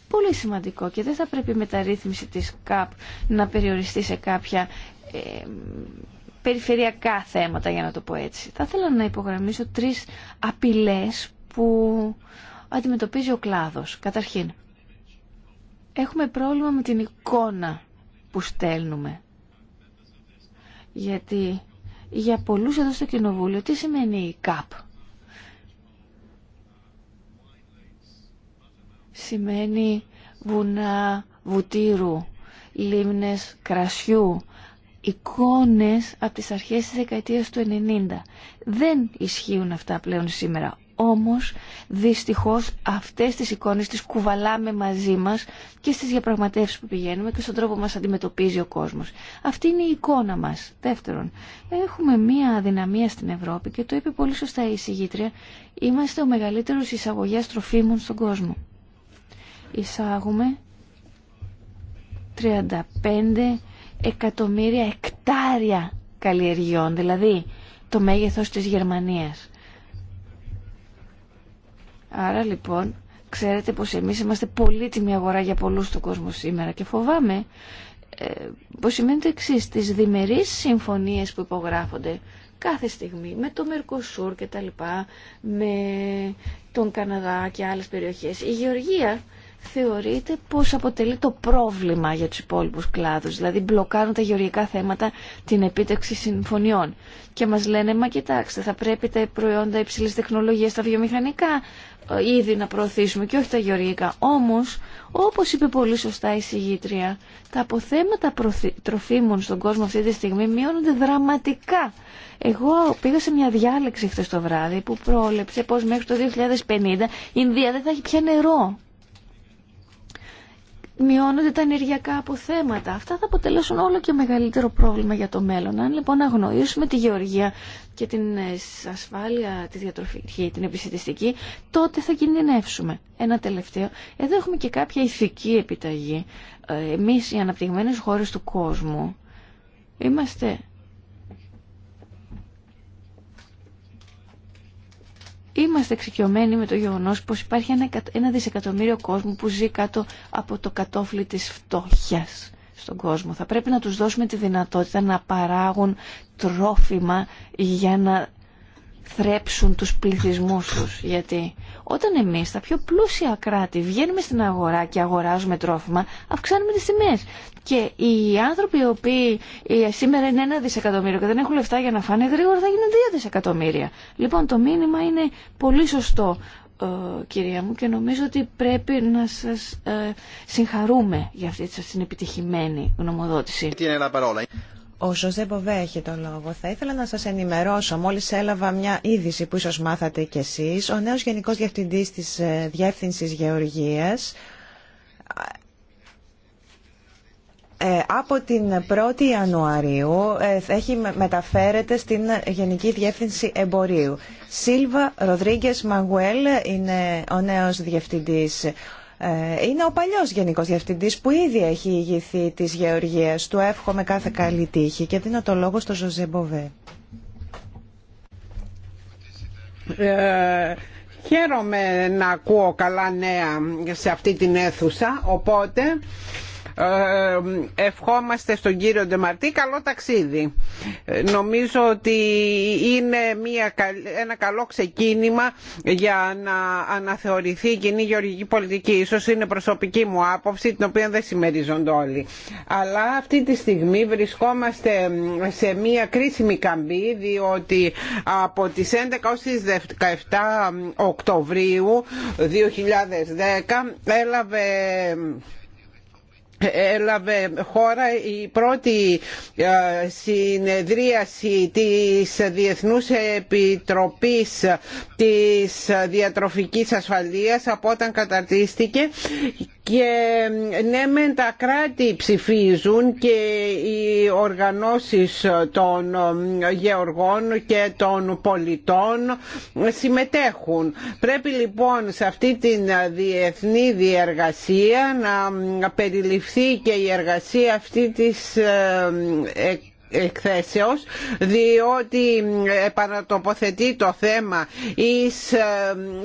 πολύ σημαντικό και δεν θα πρέπει η μεταρρύθμιση της ΚΑΠ να περιοριστεί σε κάποια ε, περιφερειακά θέματα για να το πω έτσι. Θα ήθελα να υπογραμμίσω τρεις απειλές που αντιμετωπίζει ο κλάδος. Καταρχήν, έχουμε πρόβλημα με την εικόνα που στέλνουμε. Γιατί για πολλούς εδώ στο Κοινοβούλιο τι σημαίνει η ΚΑΠ. Σημαίνει βουνά βουτύρου, λίμνες κρασιού, εικόνες από τις αρχές της δεκαετίας του 90. Δεν ισχύουν αυτά πλέον σήμερα όμως δυστυχώς αυτές τις εικόνες τις κουβαλάμε μαζί μας και στις διαπραγματεύσεις που πηγαίνουμε και στον τρόπο μας αντιμετωπίζει ο κόσμος. Αυτή είναι η εικόνα μας. Δεύτερον, έχουμε μία αδυναμία στην Ευρώπη και το είπε πολύ σωστά η συγγήτρια, είμαστε ο μεγαλύτερος εισαγωγέας τροφίμων στον κόσμο. Εισάγουμε 35 εκατομμύρια εκτάρια καλλιεργιών, δηλαδή το μέγεθος της Γερμανίας. Άρα λοιπόν ξέρετε πως εμείς είμαστε πολύτιμη αγορά για πολλούς στον κόσμο σήμερα και φοβάμαι ε, πως σημαίνει το εξή τις διμερείς συμφωνίες που υπογράφονται κάθε στιγμή με το Μερκοσούρ και τα λοιπά, με τον Καναδά και άλλες περιοχές. Η Γεωργία θεωρείται πως αποτελεί το πρόβλημα για τους υπόλοιπους κλάδους. Δηλαδή μπλοκάρουν τα γεωργικά θέματα την επίτευξη συμφωνιών. Και μας λένε, μα κοιτάξτε, θα πρέπει τα προϊόντα υψηλής τεχνολογίας, τα βιομηχανικά ε, ήδη να προωθήσουμε και όχι τα γεωργικά. Όμως, όπως είπε πολύ σωστά η συγγήτρια, τα αποθέματα τροφίμων στον κόσμο αυτή τη στιγμή μειώνονται δραματικά. Εγώ πήγα σε μια διάλεξη χθε το βράδυ που πρόλεψε πως μέχρι το 2050 η Ινδία δεν θα έχει πια νερό μειώνονται τα ενεργειακά αποθέματα. Αυτά θα αποτελέσουν όλο και μεγαλύτερο πρόβλημα για το μέλλον. Αν λοιπόν αγνοήσουμε τη γεωργία και την ε, ασφάλεια τη διατροφική, την επιστημιστική, τότε θα κινδυνεύσουμε. Ένα τελευταίο. Εδώ έχουμε και κάποια ηθική επιταγή. Ε, εμείς οι αναπτυγμένε χώρε του κόσμου είμαστε Είμαστε εξοικειωμένοι με το γεγονός πως υπάρχει ένα δισεκατομμύριο κόσμου που ζει κάτω από το κατόφλι της φτώχειας στον κόσμο. Θα πρέπει να τους δώσουμε τη δυνατότητα να παράγουν τρόφιμα για να θρέψουν τους πληθυσμού τους. Γιατί όταν εμείς τα πιο πλούσια κράτη βγαίνουμε στην αγορά και αγοράζουμε τρόφιμα, αυξάνουμε τις τιμές. Και οι άνθρωποι οι οποίοι ε, σήμερα είναι ένα δισεκατομμύριο και δεν έχουν λεφτά για να φάνε γρήγορα θα γίνουν δύο δισεκατομμύρια. Λοιπόν το μήνυμα είναι πολύ σωστό ε, κυρία μου και νομίζω ότι πρέπει να σας ε, συγχαρούμε για αυτή την επιτυχημένη γνωμοδότηση. Ο Ζωζέ Μποβέ έχει τον λόγο. Θα ήθελα να σας ενημερώσω. Μόλις έλαβα μια είδηση που ίσως μάθατε κι εσείς. Ο νέος Γενικός Διευθυντής της ε, Διεύθυνσης Γεωργίας ε, από την 1η Ιανουαρίου ε, έχει μεταφέρεται στην Γενική Διεύθυνση Εμπορίου. Σίλβα Ροδρίγκες Μαγουέλ είναι ο νέος Διευθυντής. Ε, είναι ο παλιός Γενικός Διευθυντής που ήδη έχει ηγηθεί της Γεωργίας. Του εύχομαι κάθε καλή τύχη και δίνω το λόγο στο Ζωζέ Μποβέ. Ε, χαίρομαι να ακούω καλά νέα σε αυτή την αίθουσα, οπότε ε, ευχόμαστε στον κύριο Ντεμαρτή καλό ταξίδι. Ε, νομίζω ότι είναι μια, ένα καλό ξεκίνημα για να αναθεωρηθεί η κοινή γεωργική πολιτική. Ίσως είναι προσωπική μου άποψη την οποία δεν συμμερίζονται όλοι. Αλλά αυτή τη στιγμή βρισκόμαστε σε μια κρίσιμη καμπή διότι από τις 11 ως τις 17 Οκτωβρίου 2010 έλαβε έλαβε χώρα η πρώτη ε, συνεδρίαση της Διεθνούς Επιτροπής της Διατροφικής Ασφαλείας από όταν καταρτίστηκε και ναι μεν τα κράτη ψηφίζουν και οι οργανώσεις των ε, γεωργών και των πολιτών συμμετέχουν. Πρέπει λοιπόν σε αυτή την διεθνή διεργασία να ε, περιληφθεί και η εργασία αυτή της ε, ε, εκθέσεως διότι επανατοποθετεί το θέμα εις ε,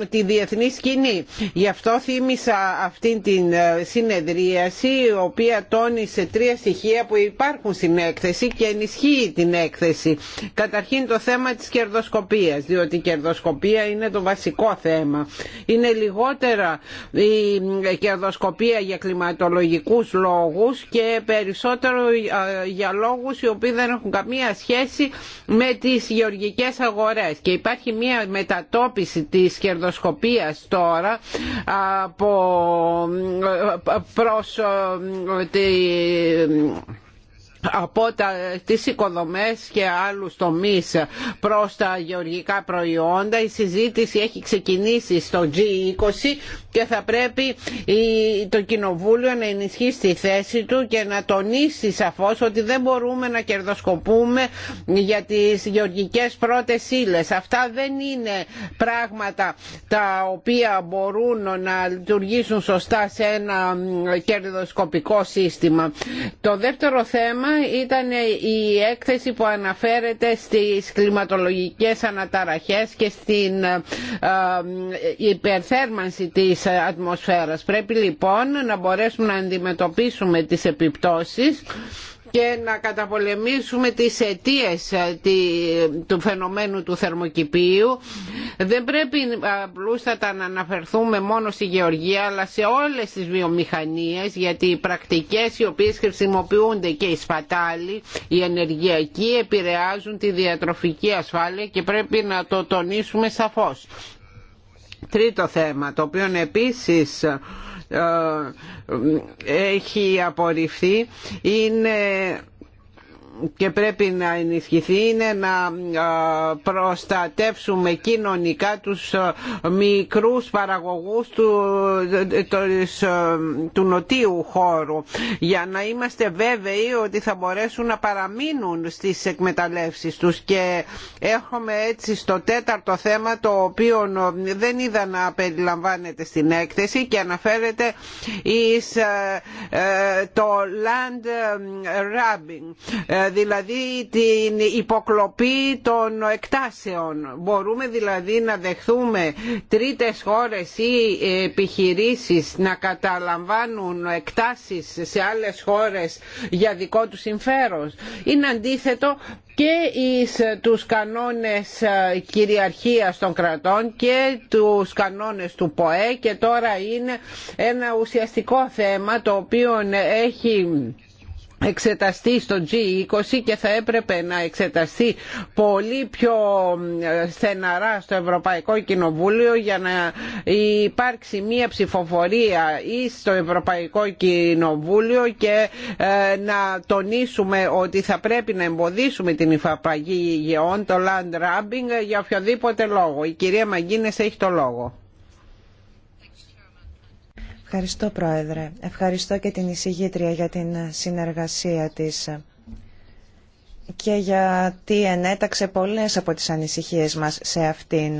τη διεθνή σκηνή. Γι' αυτό θύμισα αυτήν την ε, συνεδρίαση η οποία τόνισε τρία στοιχεία που υπάρχουν στην έκθεση και ενισχύει την έκθεση. Καταρχήν το θέμα της κερδοσκοπίας διότι η κερδοσκοπία είναι το βασικό θέμα. Είναι λιγότερα η ε, κερδοσκοπία για κλιματολογικούς λόγους και περισσότερο για λόγους οι οποίοι δεν έχουν καμία σχέση με τις γεωργικές αγορές και υπάρχει μια μετατόπιση της κερδοσκοπίας τώρα από προς τη από τα, τις οικοδομές και άλλους τομείς προς τα γεωργικά προϊόντα. Η συζήτηση έχει ξεκινήσει στο G20 και θα πρέπει το Κοινοβούλιο να ενισχύσει τη θέση του και να τονίσει σαφώς ότι δεν μπορούμε να κερδοσκοπούμε για τις γεωργικές πρώτες ύλες. Αυτά δεν είναι πράγματα τα οποία μπορούν να λειτουργήσουν σωστά σε ένα κερδοσκοπικό σύστημα. Το δεύτερο θέμα ήταν η έκθεση που αναφέρεται στις κλιματολογικές αναταραχές και στην ε, ε, υπερθέρμανση της ατμοσφαίρας. Πρέπει λοιπόν να μπορέσουμε να αντιμετωπίσουμε τις επιπτώσεις και να καταπολεμήσουμε τις αιτίες ε, του φαινομένου του θερμοκηπίου. Δεν πρέπει ε, απλούστατα να αναφερθούμε μόνο στη γεωργία αλλά σε όλες τις βιομηχανίες γιατί οι πρακτικές οι οποίες χρησιμοποιούνται και οι σπατάλοι, οι ενεργειακοί επηρεάζουν τη διατροφική ασφάλεια και πρέπει να το τονίσουμε σαφώς. Τρίτο θέμα το οποίο επίσης ε, ε, έχει απορριφθεί είναι και πρέπει να ενισχυθεί είναι να προστατεύσουμε κοινωνικά τους μικρούς παραγωγούς του, του νοτίου χώρου για να είμαστε βέβαιοι ότι θα μπορέσουν να παραμείνουν στις εκμεταλλεύσεις τους και έχουμε έτσι στο τέταρτο θέμα το οποίο δεν είδα να περιλαμβάνεται στην έκθεση και αναφέρεται εις ε, το land grabbing ε, ε, δηλαδή την υποκλοπή των εκτάσεων. Μπορούμε δηλαδή να δεχθούμε τρίτες χώρες ή επιχειρήσεις να καταλαμβάνουν εκτάσεις σε άλλες χώρες για δικό τους συμφέρον. Είναι αντίθετο και εις τους κανόνες ε, κυριαρχίας των κρατών και τους κανόνες του ΠΟΕ και τώρα είναι ένα ουσιαστικό θέμα το οποίο έχει εξεταστεί στο G20 και θα έπρεπε να εξεταστεί πολύ πιο στεναρά στο Ευρωπαϊκό Κοινοβούλιο για να υπάρξει μία ψηφοφορία ή στο Ευρωπαϊκό Κοινοβούλιο και ε, να τονίσουμε ότι θα πρέπει να εμποδίσουμε την υφαπαγή γεών, το land grabbing για οποιοδήποτε λόγο. Η κυρία Μαγκίνες έχει το λόγο. Ευχαριστώ Πρόεδρε. Ευχαριστώ και την εισηγήτρια για την συνεργασία της και γιατί ενέταξε πολλές από τις ανησυχίες μας σε αυτήν.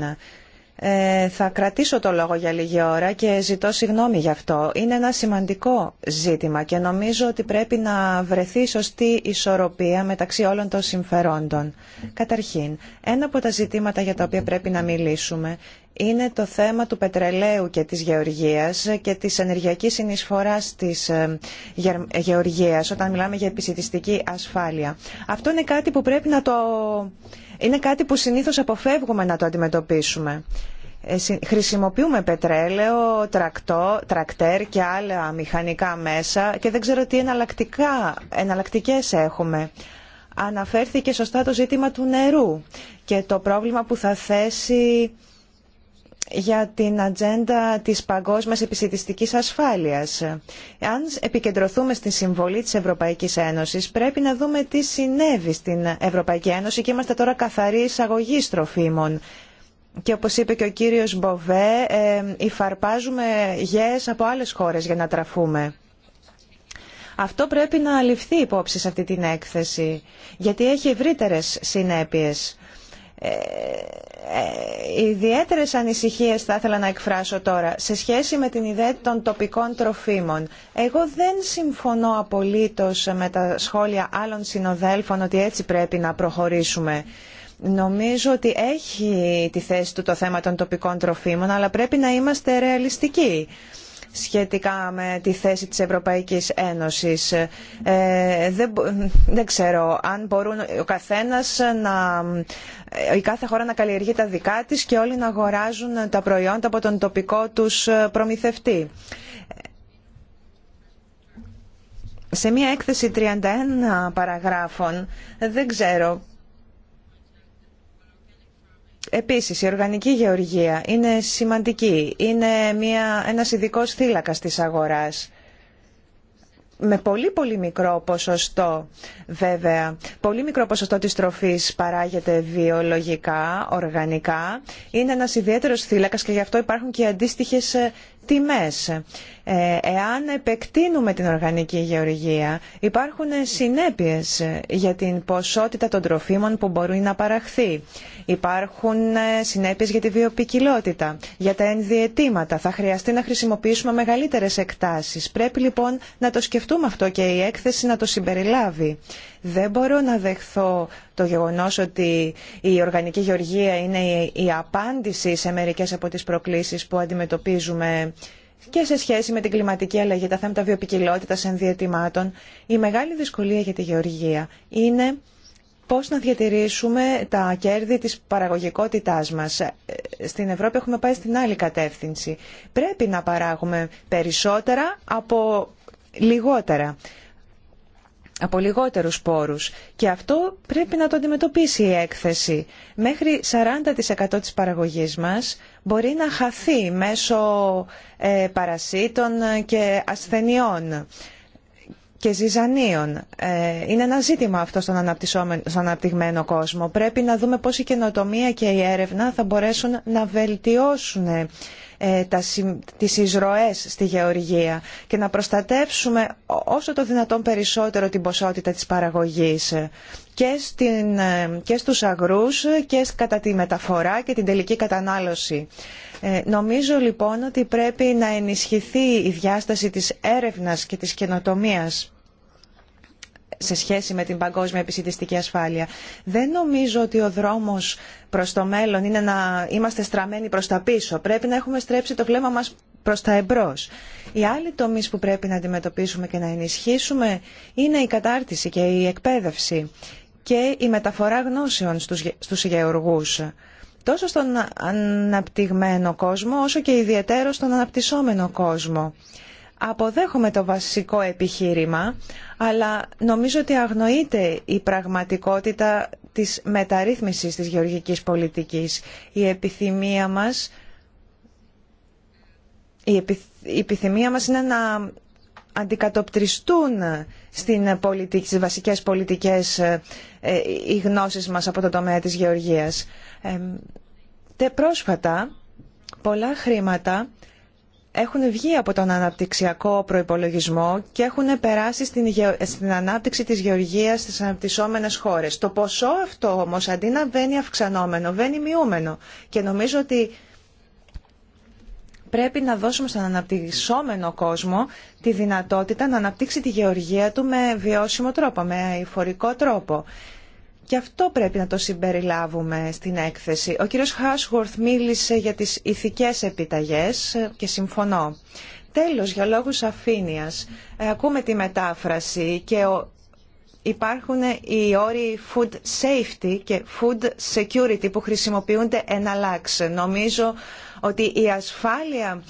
Ε, θα κρατήσω το λόγο για λίγη ώρα και ζητώ συγγνώμη γι' αυτό. Είναι ένα σημαντικό ζήτημα και νομίζω ότι πρέπει να βρεθεί σωστή ισορροπία μεταξύ όλων των συμφερόντων. Καταρχήν, ένα από τα ζητήματα για τα οποία πρέπει να μιλήσουμε είναι το θέμα του πετρελαίου και της γεωργίας και της ενεργειακής συνεισφοράς της ε, γεωργίας όταν μιλάμε για επισητιστική ασφάλεια. Αυτό είναι κάτι που πρέπει να το... είναι κάτι που συνήθως αποφεύγουμε να το αντιμετωπίσουμε. Ε, χρησιμοποιούμε πετρέλαιο, τρακτό, τρακτέρ και άλλα μηχανικά μέσα και δεν ξέρω τι εναλλακτικά, εναλλακτικές έχουμε αναφέρθηκε σωστά το ζήτημα του νερού και το πρόβλημα που θα θέσει για την ατζέντα της παγκόσμιας επισητιστικής ασφάλειας. Αν επικεντρωθούμε στην συμβολή της Ευρωπαϊκής Ένωσης, πρέπει να δούμε τι συνέβη στην Ευρωπαϊκή Ένωση και είμαστε τώρα καθαροί εισαγωγή τροφίμων. Και όπως είπε και ο κύριος Μποβέ, ε, υφαρπάζουμε γέες από άλλες χώρες για να τραφούμε. Αυτό πρέπει να ληφθεί υπόψη σε αυτή την έκθεση, γιατί έχει ευρύτερες συνέπειες. Ε, ε, ιδιαίτερες ανησυχίες θα ήθελα να εκφράσω τώρα σε σχέση με την ιδέα των τοπικών τροφίμων. Εγώ δεν συμφωνώ απολύτως με τα σχόλια άλλων συνοδέλφων ότι έτσι πρέπει να προχωρήσουμε. Νομίζω ότι έχει τη θέση του το θέμα των τοπικών τροφίμων, αλλά πρέπει να είμαστε ρεαλιστικοί σχετικά με τη θέση της Ευρωπαϊκής Ένωσης. Ε, δεν, ξέρω αν μπορούν ο καθένας να, η κάθε χώρα να καλλιεργεί τα δικά της και όλοι να αγοράζουν τα προϊόντα από τον τοπικό τους προμηθευτή. Σε μια έκθεση 31 παραγράφων δεν ξέρω Επίσης, η οργανική γεωργία είναι σημαντική. Είναι μια, ένας ειδικός θύλακας της αγοράς με πολύ πολύ μικρό ποσοστό βέβαια. Πολύ μικρό ποσοστό της τροφής παράγεται βιολογικά, οργανικά. Είναι ένας ιδιαίτερος θύλακας και γι' αυτό υπάρχουν και αντίστοιχες ε, τιμές. Ε, εάν επεκτείνουμε την οργανική γεωργία υπάρχουν συνέπειες για την ποσότητα των τροφίμων που μπορεί να παραχθεί. Υπάρχουν ε, συνέπειες για τη βιοπικιλότητα, για τα ενδιαιτήματα. Θα χρειαστεί να χρησιμοποιήσουμε μεγαλύτερες εκτάσεις. Πρέπει λοιπόν να το σκεφτούμε αυτό και η έκθεση να το συμπεριλάβει. Δεν μπορώ να δεχθώ το γεγονός ότι η οργανική γεωργία είναι η απάντηση σε μερικές από τις προκλήσεις που αντιμετωπίζουμε και σε σχέση με την κλιματική αλλαγή, τα θέματα βιοπικιλότητας ενδιαιτημάτων. Η μεγάλη δυσκολία για τη γεωργία είναι πώς να διατηρήσουμε τα κέρδη της παραγωγικότητάς μας. Ε, στην Ευρώπη έχουμε πάει στην άλλη κατεύθυνση. Πρέπει να παράγουμε περισσότερα από λιγότερα από λιγότερους πόρους. Και αυτό πρέπει να το αντιμετωπίσει η έκθεση. Μέχρι 40% της παραγωγής μας μπορεί να χαθεί μέσω ε, παρασίτων και ασθενειών και ζυζανίων. Ε, είναι ένα ζήτημα αυτό στον, στον αναπτυγμένο κόσμο. Πρέπει να δούμε πώς η καινοτομία και η έρευνα θα μπορέσουν να βελτιώσουν ε, τα, τις εισρωές στη γεωργία και να προστατεύσουμε όσο το δυνατόν περισσότερο την ποσότητα της παραγωγής ε, και, στην, και στους αγρούς και κατά τη μεταφορά και την τελική κατανάλωση. Ε, νομίζω λοιπόν ότι πρέπει να ενισχυθεί η διάσταση της έρευνας και της καινοτομίας σε σχέση με την παγκόσμια επισητιστική ασφάλεια. Δεν νομίζω ότι ο δρόμος προς το μέλλον είναι να είμαστε στραμμένοι προς τα πίσω. Πρέπει να έχουμε στρέψει το βλέμμα μας προς τα εμπρός. Οι άλλοι τομείς που πρέπει να αντιμετωπίσουμε και να ενισχύσουμε είναι η κατάρτιση και η εκπαίδευση και η μεταφορά γνώσεων στους γεωργούς τόσο στον αναπτυγμένο κόσμο όσο και ιδιαίτερο στον αναπτυσσόμενο κόσμο. Αποδέχομαι το βασικό επιχείρημα, αλλά νομίζω ότι αγνοείται η πραγματικότητα της μεταρρύθμισης της γεωργικής πολιτικής. Η επιθυμία μας, η επιθυμία μας είναι να αντικατοπτριστούν στην βασικέ στις βασικές πολιτικές ε, ε, οι γνώσεις μας από το τομέα της γεωργίας. Τε πρόσφατα πολλά χρήματα έχουν βγει από τον αναπτυξιακό προϋπολογισμό και έχουν περάσει στην, ανάπτυξη της γεωργίας στις αναπτυσσόμενες χώρες. Το ποσό αυτό όμως αντί να βαίνει αυξανόμενο, βαίνει μειούμενο. Και νομίζω ότι πρέπει να δώσουμε στον αναπτυσσόμενο κόσμο τη δυνατότητα να αναπτύξει τη γεωργία του με βιώσιμο τρόπο, με εφορικό τρόπο. Και αυτό πρέπει να το συμπεριλάβουμε στην έκθεση. Ο κύριος Χάσουορθ μίλησε για τις ηθικές επιταγές και συμφωνώ. Τέλος, για λόγους αφήνειας, ε, ακούμε τη μετάφραση και ο υπάρχουν οι όροι food safety και food security που χρησιμοποιούνται εναλλάξ. Νομίζω ότι η ασφάλεια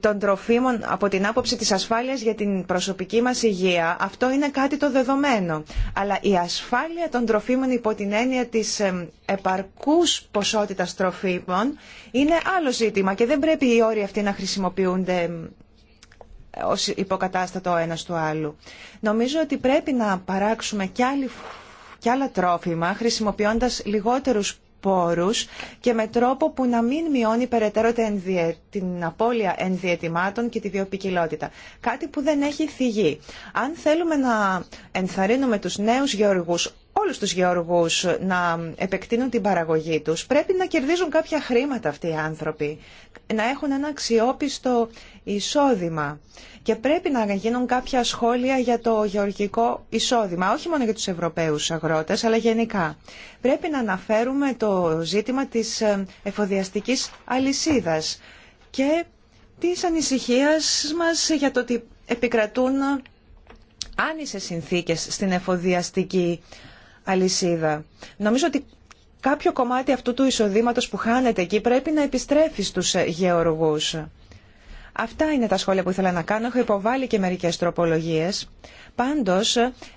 των τροφίμων από την άποψη της ασφάλειας για την προσωπική μας υγεία, αυτό είναι κάτι το δεδομένο. Αλλά η ασφάλεια των τροφίμων υπό την έννοια της ε, επαρκούς ποσότητας τροφίμων είναι άλλο ζήτημα και δεν πρέπει οι όροι αυτοί να χρησιμοποιούνται ε, ως υποκατάστατο ένας του άλλου. Νομίζω ότι πρέπει να παράξουμε κι και άλλα τρόφιμα χρησιμοποιώντας λιγότερους πόρους και με τρόπο που να μην μειώνει περαιτέρω την απώλεια ενδιαιτημάτων και τη βιοπικιλότητα. Κάτι που δεν έχει θυγεί. Αν θέλουμε να ενθαρρύνουμε τους νέους γεωργούς όλους τους γεωργούς να επεκτείνουν την παραγωγή τους. Πρέπει να κερδίζουν κάποια χρήματα αυτοί οι άνθρωποι, να έχουν ένα αξιόπιστο εισόδημα και πρέπει να γίνουν κάποια σχόλια για το γεωργικό εισόδημα, όχι μόνο για τους Ευρωπαίους αγρότες, αλλά γενικά. Πρέπει να αναφέρουμε το ζήτημα της ε, εφοδιαστικής αλυσίδας και της ανησυχίας μας για το ότι επικρατούν άνισες συνθήκες στην εφοδιαστική αλυσίδα. Νομίζω ότι κάποιο κομμάτι αυτού του εισοδήματος που χάνεται εκεί πρέπει να επιστρέφει στους ε, γεωργούς. Αυτά είναι τα σχόλια που ήθελα να κάνω. Έχω υποβάλει και μερικέ τροπολογίε. Πάντω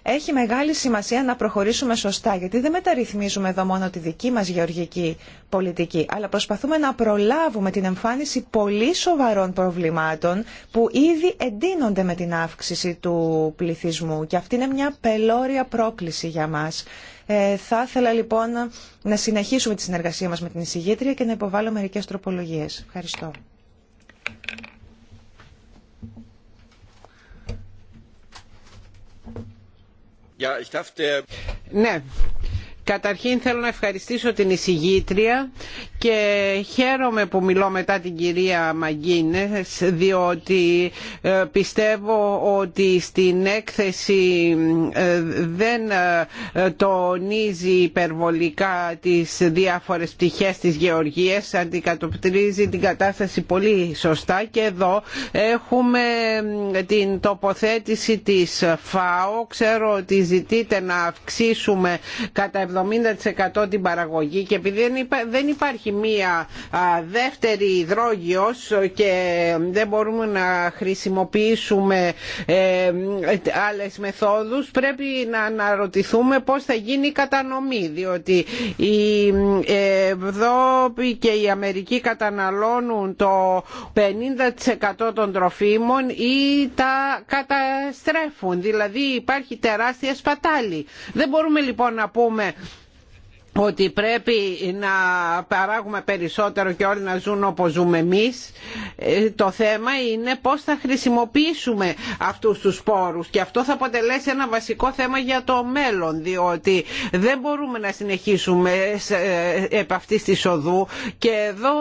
έχει μεγάλη σημασία να προχωρήσουμε σωστά, γιατί δεν μεταρρυθμίζουμε εδώ μόνο τη δική μα γεωργική πολιτική, αλλά προσπαθούμε να προλάβουμε την εμφάνιση πολύ σοβαρών προβλημάτων που ήδη εντείνονται με την αύξηση του πληθυσμού. Και αυτή είναι μια πελώρια πρόκληση για μα. Ε, θα ήθελα λοιπόν να συνεχίσουμε τη συνεργασία μα με την εισηγήτρια και να υποβάλω μερικέ τροπολογίε. Ευχαριστώ. darf der... Ναι, Καταρχήν θέλω να ευχαριστήσω την εισηγήτρια και χαίρομαι που μιλώ μετά την κυρία Μαγκίνες διότι ε, πιστεύω ότι στην έκθεση ε, δεν ε, τονίζει υπερβολικά τις διάφορες πτυχές της γεωργίας αντικατοπτρίζει την κατάσταση πολύ σωστά και εδώ έχουμε την τοποθέτηση της ΦΑΟ ξέρω ότι ζητείτε να αυξήσουμε κατά 70% την παραγωγή και επειδή δεν υπάρχει μία δεύτερη υδρόγειος και δεν μπορούμε να χρησιμοποιήσουμε ε, άλλες μεθόδους πρέπει να αναρωτηθούμε πώς θα γίνει η κατανομή διότι η ε, Ευρώπη και οι Αμερική καταναλώνουν το 50% των τροφίμων ή τα καταστρέφουν δηλαδή υπάρχει τεράστια σπατάλη. Δεν μπορούμε λοιπόν να πούμε ότι πρέπει να παράγουμε περισσότερο και όλοι να ζουν όπως ζούμε εμείς. Ε, το θέμα είναι πώς θα χρησιμοποιήσουμε αυτούς τους πόρους και αυτό θα αποτελέσει ένα βασικό θέμα για το μέλλον διότι δεν μπορούμε να συνεχίσουμε ε, επ' αυτής της οδού και εδώ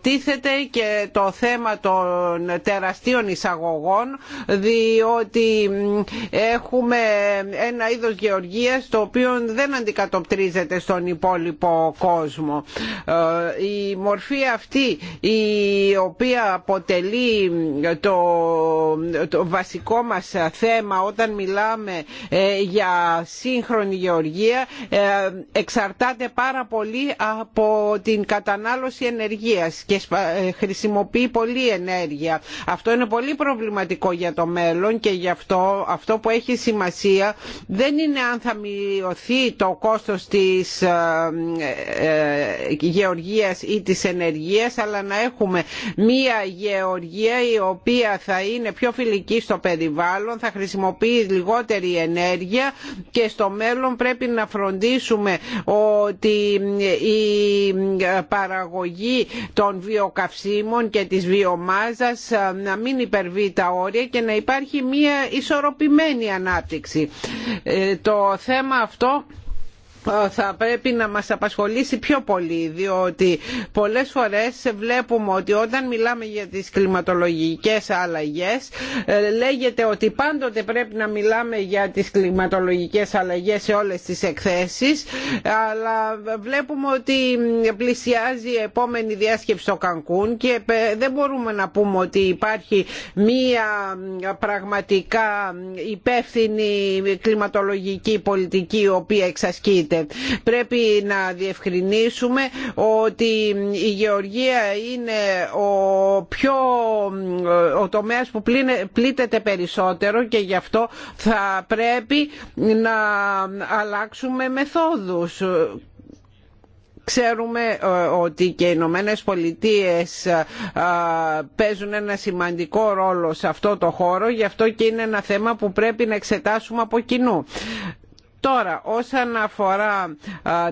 τίθεται και το θέμα των τεραστίων εισαγωγών διότι έχουμε ένα είδος γεωργίας το οποίο δεν αντικατοπτρίζεται στον υπόλοιπο κόσμο. Ε, η μορφή αυτή η οποία αποτελεί το, το βασικό μας θέμα όταν μιλάμε ε, για σύγχρονη γεωργία ε, εξαρτάται πάρα πολύ από την κατανάλωση ενεργείας και χρησιμοποιεί πολύ ενέργεια. Αυτό είναι πολύ προβληματικό για το μέλλον και γι' αυτό αυτό που έχει σημασία δεν είναι αν θα μειωθεί το κόστος της ε, ε, ε, γεωργίας ή της ενεργείας αλλά να έχουμε μία γεωργία η οποία θα είναι πιο φιλική στο περιβάλλον, θα χρησιμοποιεί λιγότερη ενέργεια και στο μέλλον πρέπει να φροντίσουμε ότι η παραγωγή των βιοκαυσίμων και της βιομάζας να μην υπερβεί τα όρια και να υπάρχει μια ισορροπημένη ανάπτυξη. Το θέμα αυτό ε, θα πρέπει να μας απασχολήσει πιο πολύ διότι πολλές φορές βλέπουμε ότι όταν μιλάμε για τις κλιματολογικές αλλαγές ε, λέγεται ότι πάντοτε πρέπει να μιλάμε για τις κλιματολογικές αλλαγές σε όλες τις εκθέσεις αλλά βλέπουμε ότι πλησιάζει η επόμενη διάσκεψη στο Κανκούν και ε, δεν μπορούμε να πούμε ότι υπάρχει μία πραγματικά υπεύθυνη κλιματολογική πολιτική η οποία εξασκείται Πρέπει να διευκρινίσουμε ότι η γεωργία είναι ο, πιο, ο τομέας που πλήττεται περισσότερο και γι' αυτό θα πρέπει να αλλάξουμε μεθόδους ξέρουμε ε, ότι και οι Ηνωμένε Πολιτείε ε, παίζουν ένα σημαντικό ρόλο σε αυτό το χώρο γι' αυτό και είναι ένα θέμα που πρέπει να εξετάσουμε από κοινού. Τώρα, όσον αφορά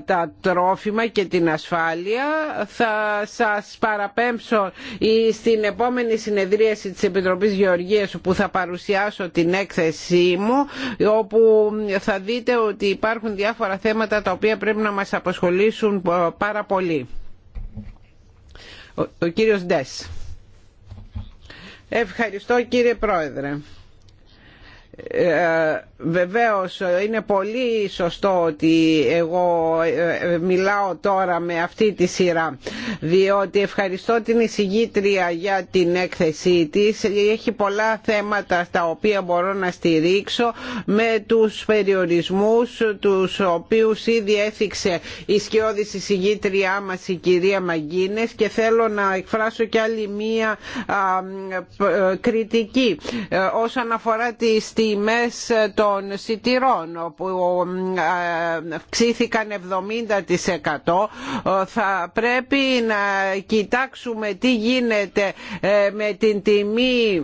τα τρόφιμα και την ασφάλεια, θα σας παραπέμψω ε, στην επόμενη συνεδρίαση της Επιτροπής Γεωργίας που θα παρουσιάσω την έκθεσή μου, όπου θα δείτε ότι υπάρχουν διάφορα θέματα τα οποία πρέπει να μας απασχολήσουν ε, πάρα πολύ. Ο, ο κύριος Ντες. Ευχαριστώ κύριε Πρόεδρε. Ε, Βεβαίως είναι πολύ σωστό ότι εγώ ε, ε, μιλάω τώρα με αυτή τη σειρά διότι ευχαριστώ την εισηγήτρια για την έκθεσή της έχει πολλά θέματα στα οποία μπορώ να στηρίξω με τους περιορισμούς τους οποίους ήδη έθιξε η σκιώδης εισηγήτριά μας η κυρία Μαγκίνες και θέλω να εκφράσω και άλλη μία ε, κριτική όσον αφορά τις τιμές των σιτηρών όπου ε, αυξήθηκαν 70% ε, θα πρέπει να κοιτάξουμε τι γίνεται ε, με την τιμή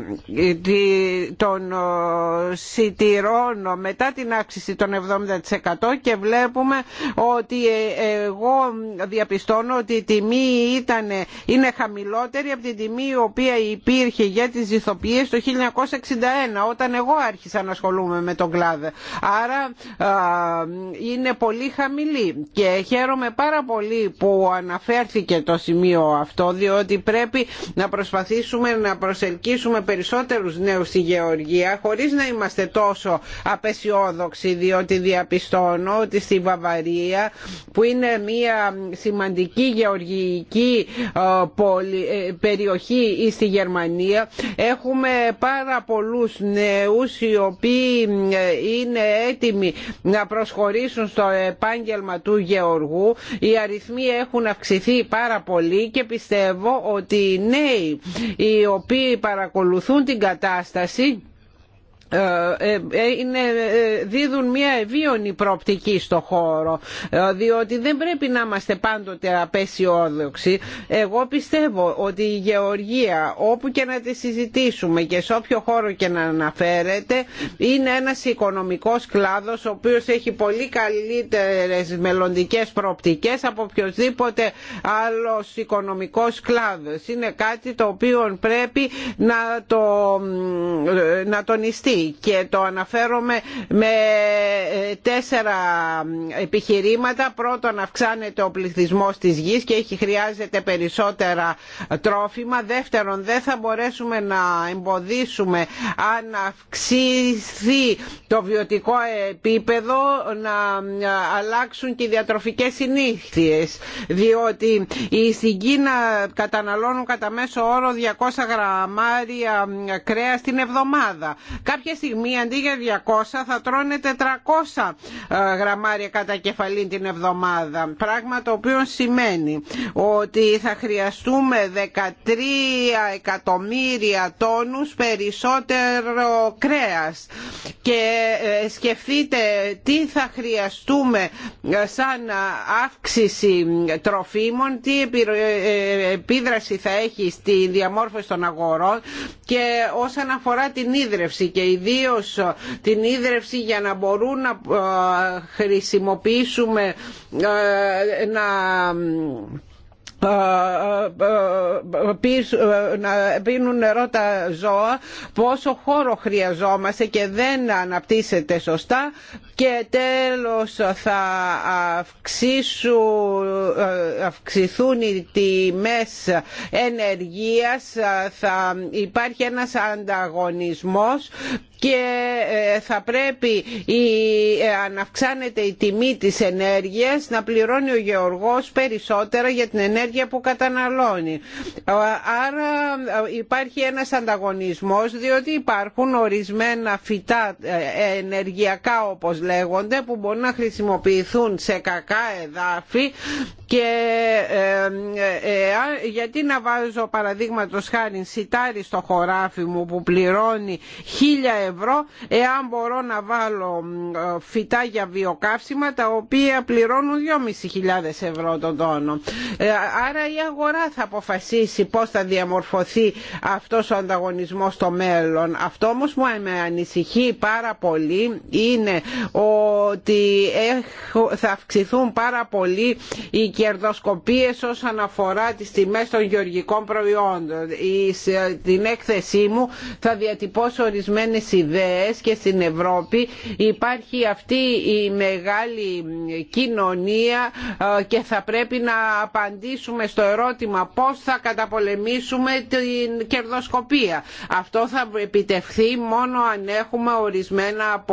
των σιτηρών μετά την αύξηση των 70% και βλέπουμε ότι εγώ διαπιστώνω ότι η τιμή ήταν, είναι χαμηλότερη από την τιμή η οποία υπήρχε για τις ζηθοποιίες το 1961 όταν εγώ άρχισα να ασχολούμαι με τον Άρα είναι πολύ χαμηλή και χαίρομαι πάρα πολύ που αναφέρθηκε το σημείο αυτό διότι πρέπει να προσπαθήσουμε να προσελκύσουμε περισσότερους νέους στη γεωργία χωρίς να είμαστε τόσο απεσιόδοξοι διότι διαπιστώνω ότι στη Βαβαρία που είναι μια σημαντική γεωργική ε, περιοχή ή στη Γερμανία έχουμε πάρα πολλούς νέους οι οποίοι ε, είναι έτοιμοι να προσχωρήσουν στο επάγγελμα του γεωργού. Οι αριθμοί έχουν αυξηθεί πάρα πολύ και πιστεύω ότι οι νέοι οι οποίοι παρακολουθούν την κατάσταση ε, ε, ε, είναι, δίδουν μια ευίωνη προοπτική στο χώρο διότι δεν πρέπει να είμαστε πάντοτε απεσιόδοξοι εγώ πιστεύω ότι η γεωργία όπου και να τη συζητήσουμε και σε όποιο χώρο και να αναφέρεται είναι ένας οικονομικός κλάδος ο οποίος έχει πολύ καλύτερες μελλοντικές προοπτικές από οποιοδήποτε άλλος οικονομικός κλάδος είναι κάτι το οποίο πρέπει να το, να τονιστεί και το αναφέρομαι με ε, τέσσερα επιχειρήματα. Πρώτον αυξάνεται ο πληθυσμός της γης και έχει, χρειάζεται περισσότερα τρόφιμα. Δεύτερον δεν θα μπορέσουμε να εμποδίσουμε αν αυξηθεί το βιωτικό επίπεδο να ε, αλλάξουν και οι διατροφικές συνήθειες διότι στην Κίνα καταναλώνουν κατά μέσο όρο 200 γραμμάρια κρέας την εβδομάδα κάποια στιγμή αντί για 200 θα τρώνε 400 ε, γραμμάρια κατά κεφαλή την εβδομάδα. Πράγμα το οποίο σημαίνει ότι θα χρειαστούμε 13 εκατομμύρια τόνους περισσότερο κρέας και ε, σκεφτείτε τι θα χρειαστούμε ε, σαν αύξηση τροφίμων, τι επίδραση θα έχει στη διαμόρφωση των αγορών και όσον αφορά την ίδρυυση και η ιδίως την ίδρυυση για να μπορούν να ε, χρησιμοποιήσουμε ε, να να πίνουν νερό τα ζώα πόσο χώρο χρειαζόμαστε και δεν αναπτύσσεται σωστά και τέλος θα αυξηθούν οι τιμές ενεργείας θα υπάρχει ένας ανταγωνισμός και ε, θα πρέπει ε, αν αυξάνεται η τιμή της ενέργειας να πληρώνει ο γεωργός περισσότερα για την ενέργεια που καταναλώνει. Άρα ε, υπάρχει ένας ανταγωνισμός διότι υπάρχουν ορισμένα φυτά ενεργειακά όπως λέγονται που μπορούν να χρησιμοποιηθούν σε κακά εδάφη και ε, ε, ε, γιατί να βάζω παραδείγματο χάρη σιτάρι στο χωράφι μου που πληρώνει 1000 ευρώ εάν μπορώ να βάλω φυτά για βιοκαύσιμα τα οποία πληρώνουν 2.500 ευρώ τον τόνο. Άρα η αγορά θα αποφασίσει πώς θα διαμορφωθεί αυτός ο ανταγωνισμός στο μέλλον. Αυτό όμως που με ανησυχεί πάρα πολύ είναι ότι θα αυξηθούν πάρα πολύ οι κερδοσκοπίες όσον αφορά τις τιμές των γεωργικών προϊόντων. Στην έκθεσή μου θα διατυπώσω ορισμένες ιδέες και στην Ευρώπη υπάρχει αυτή η μεγάλη κοινωνία ε, και θα πρέπει να απαντήσουμε στο ερώτημα πώς θα καταπολεμήσουμε την κερδοσκοπία. Αυτό θα επιτευχθεί μόνο αν έχουμε ορισμένα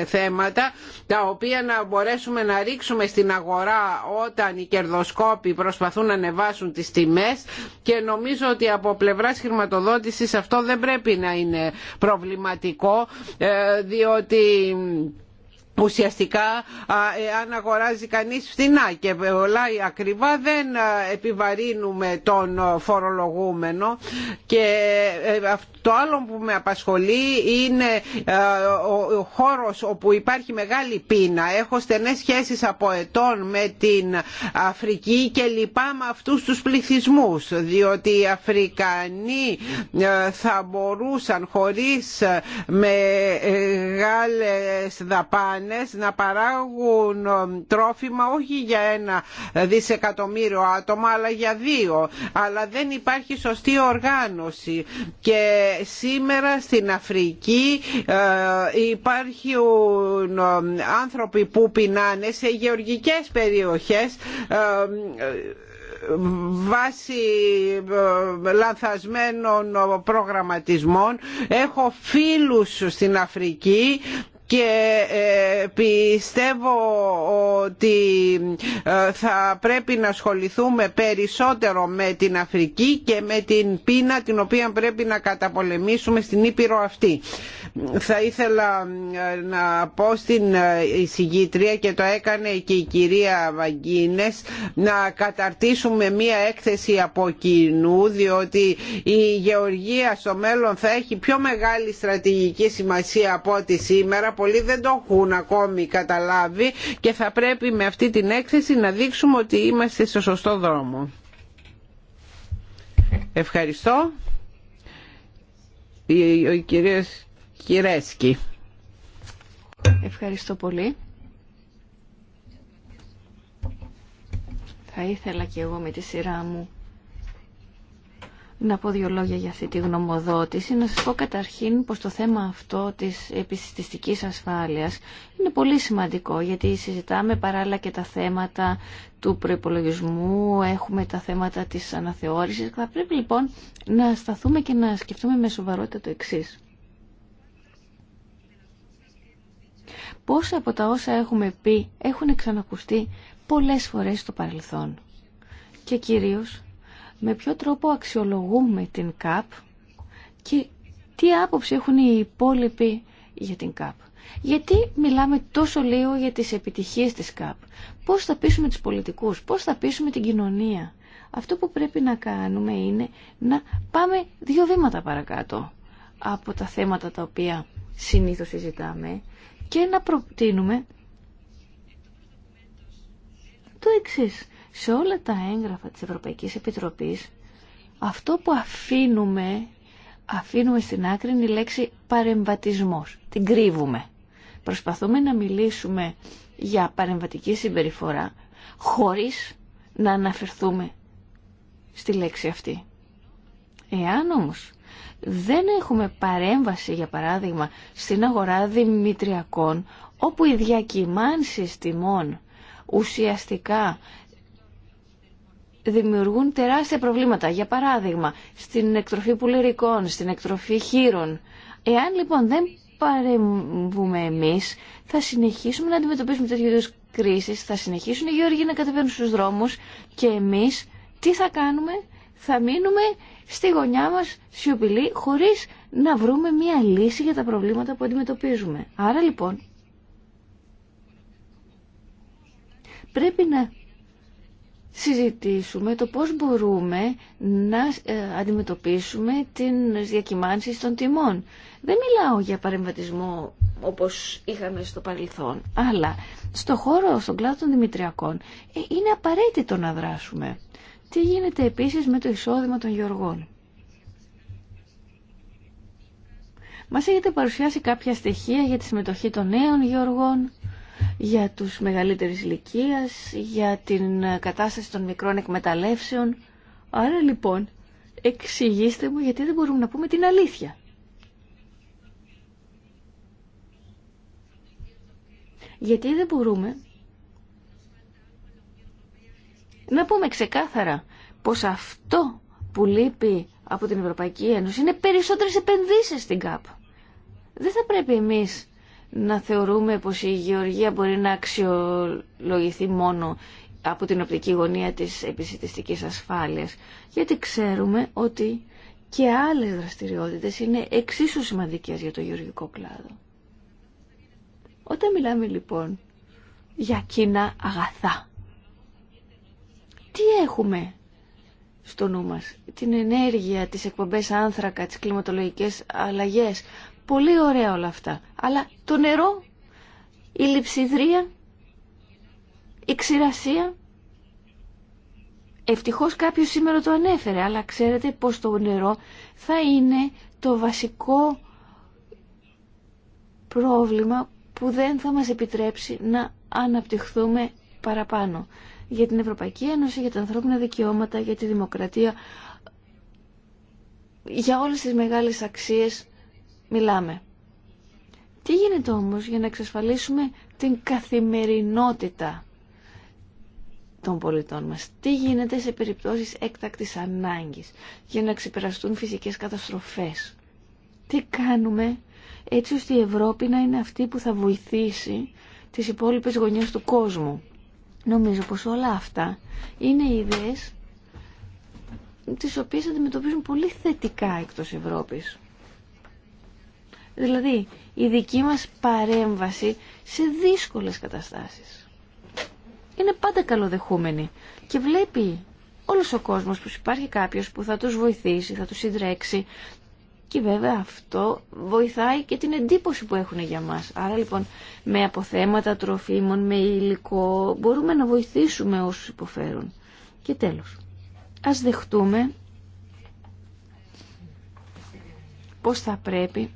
ε, θέματα τα οποία να μπορέσουμε να ρίξουμε στην αγορά όταν όταν οι κερδοσκόποι προσπαθούν να ανεβάσουν τις τιμές και νομίζω ότι από πλευράς χρηματοδότησης αυτό δεν πρέπει να είναι προβληματικό ε, διότι ουσιαστικά ε, αν αγοράζει κανείς φθηνά και όλα ακριβά δεν επιβαρύνουμε τον φορολογούμενο και ε, το άλλο που με απασχολεί είναι ο χώρος όπου υπάρχει μεγάλη πείνα. Έχω στενές σχέσεις από ετών με την Αφρική και λυπάμαι αυτούς τους πληθυσμούς διότι οι Αφρικανοί ε, θα μπορούσαν χωρίς μεγάλες δαπάνες να παράγουν ε, τρόφιμα όχι για ένα δισεκατομμύριο άτομα αλλά για δύο. Αλλά δεν υπάρχει σωστή οργάνωση και σήμερα στην Αφρική ε, υπάρχουν ε, άνθρωποι που πεινάνε σε γεωργικές περιοχές βάσει λανθασμένων προγραμματισμών έχω φίλους στην Αφρική και ε, πιστεύω ότι ε, θα πρέπει να ασχοληθούμε περισσότερο με την Αφρική και με την πείνα την οποία πρέπει να καταπολεμήσουμε στην Ήπειρο αυτή. Θα ήθελα ε, να πω στην εισηγήτρια και το έκανε και η κυρία Βαγκίνες να καταρτήσουμε μία έκθεση από κοινού διότι η γεωργία στο μέλλον θα έχει πιο μεγάλη στρατηγική σημασία από ό,τι σήμερα πολλοί δεν το έχουν ακόμη καταλάβει και θα πρέπει με αυτή την έκθεση να δείξουμε ότι είμαστε στο σωστό δρόμο. Ευχαριστώ. ο κυρίος Κυρέσκη. Ευχαριστώ πολύ. Θα ήθελα και εγώ με τη σειρά μου να πω δύο λόγια για αυτή τη γνωμοδότηση. Να σας πω καταρχήν πως το θέμα αυτό της επιστηστικής ασφάλειας είναι πολύ σημαντικό γιατί συζητάμε παράλληλα και τα θέματα του προϋπολογισμού, έχουμε τα θέματα της αναθεώρησης. Θα πρέπει λοιπόν να σταθούμε και να σκεφτούμε με σοβαρότητα το εξής. Πόσα από τα όσα έχουμε πει έχουν ξανακουστεί πολλές φορές στο παρελθόν και κυρίως με ποιο τρόπο αξιολογούμε την ΚΑΠ και τι άποψη έχουν οι υπόλοιποι για την ΚΑΠ. Γιατί μιλάμε τόσο λίγο για τις επιτυχίες της ΚΑΠ. Πώς θα πείσουμε τους πολιτικούς, πώς θα πείσουμε την κοινωνία. Αυτό που πρέπει να κάνουμε είναι να πάμε δύο βήματα παρακάτω από τα θέματα τα οποία συνήθως συζητάμε και να προτείνουμε το εξής σε όλα τα έγγραφα της Ευρωπαϊκής Επιτροπής αυτό που αφήνουμε, αφήνουμε στην άκρη είναι η λέξη παρεμβατισμός. Την κρύβουμε. Προσπαθούμε να μιλήσουμε για παρεμβατική συμπεριφορά χωρίς να αναφερθούμε στη λέξη αυτή. Εάν όμως δεν έχουμε παρέμβαση, για παράδειγμα, στην αγορά δημητριακών, όπου οι διακυμάνσεις τιμών ουσιαστικά δημιουργούν τεράστια προβλήματα. Για παράδειγμα, στην εκτροφή πουλερικών, στην εκτροφή χείρων. Εάν λοιπόν δεν παρεμβούμε εμείς, θα συνεχίσουμε να αντιμετωπίσουμε τέτοιου είδους κρίσεις, θα συνεχίσουν οι γεωργοί να κατεβαίνουν στους δρόμους και εμείς τι θα κάνουμε, θα μείνουμε στη γωνιά μας σιωπηλοί χωρίς να βρούμε μία λύση για τα προβλήματα που αντιμετωπίζουμε. Άρα λοιπόν πρέπει να συζητήσουμε το πώς μπορούμε να ε, αντιμετωπίσουμε την διακυμάνσεις των τιμών. Δεν μιλάω για παρεμβατισμό όπως είχαμε στο παρελθόν, αλλά στο χώρο, στον κλάδο των Δημητριακών, ε, είναι απαραίτητο να δράσουμε. Τι γίνεται επίσης με το εισόδημα των γεωργών. Μας έχετε παρουσιάσει κάποια στοιχεία για τη συμμετοχή των νέων γεωργών για τους μεγαλύτερης ηλικία, για την κατάσταση των μικρών εκμεταλλεύσεων. Άρα λοιπόν, εξηγήστε μου γιατί δεν μπορούμε να πούμε την αλήθεια. Γιατί δεν μπορούμε να πούμε ξεκάθαρα πως αυτό που λείπει από την Ευρωπαϊκή Ένωση είναι περισσότερες επενδύσεις στην ΚΑΠ. Δεν θα πρέπει εμείς να θεωρούμε πως η γεωργία μπορεί να αξιολογηθεί μόνο από την οπτική γωνία της επισητιστικής ασφάλειας. Γιατί ξέρουμε ότι και άλλες δραστηριότητες είναι εξίσου σημαντικές για το γεωργικό κλάδο. Όταν μιλάμε λοιπόν για κοινά αγαθά, τι έχουμε στο νου μας, την ενέργεια, τις εκπομπές άνθρακα, τις κλιματολογικές αλλαγές Πολύ ωραία όλα αυτά. Αλλά το νερό, η λειψιδρία, η ξηρασία. Ευτυχώς κάποιος σήμερα το ανέφερε, αλλά ξέρετε πως το νερό θα είναι το βασικό πρόβλημα που δεν θα μας επιτρέψει να αναπτυχθούμε παραπάνω. Για την Ευρωπαϊκή Ένωση, για τα ανθρώπινα δικαιώματα, για τη δημοκρατία, για όλες τις μεγάλες αξίες μιλάμε. Τι γίνεται όμως για να εξασφαλίσουμε την καθημερινότητα των πολιτών μας. Τι γίνεται σε περιπτώσεις έκτακτης ανάγκης για να ξεπεραστούν φυσικές καταστροφές. Τι κάνουμε έτσι ώστε η Ευρώπη να είναι αυτή που θα βοηθήσει τις υπόλοιπες γωνιές του κόσμου. Νομίζω πως όλα αυτά είναι ιδέες τις οποίες αντιμετωπίζουν πολύ θετικά εκτός Ευρώπης. Δηλαδή, η δική μας παρέμβαση σε δύσκολες καταστάσεις. Είναι πάντα καλοδεχούμενη και βλέπει όλος ο κόσμος που υπάρχει κάποιος που θα τους βοηθήσει, θα τους συντρέξει και βέβαια αυτό βοηθάει και την εντύπωση που έχουν για μας. Άρα λοιπόν με αποθέματα τροφίμων, με υλικό μπορούμε να βοηθήσουμε όσους υποφέρουν. Και τέλος, ας δεχτούμε πώς θα πρέπει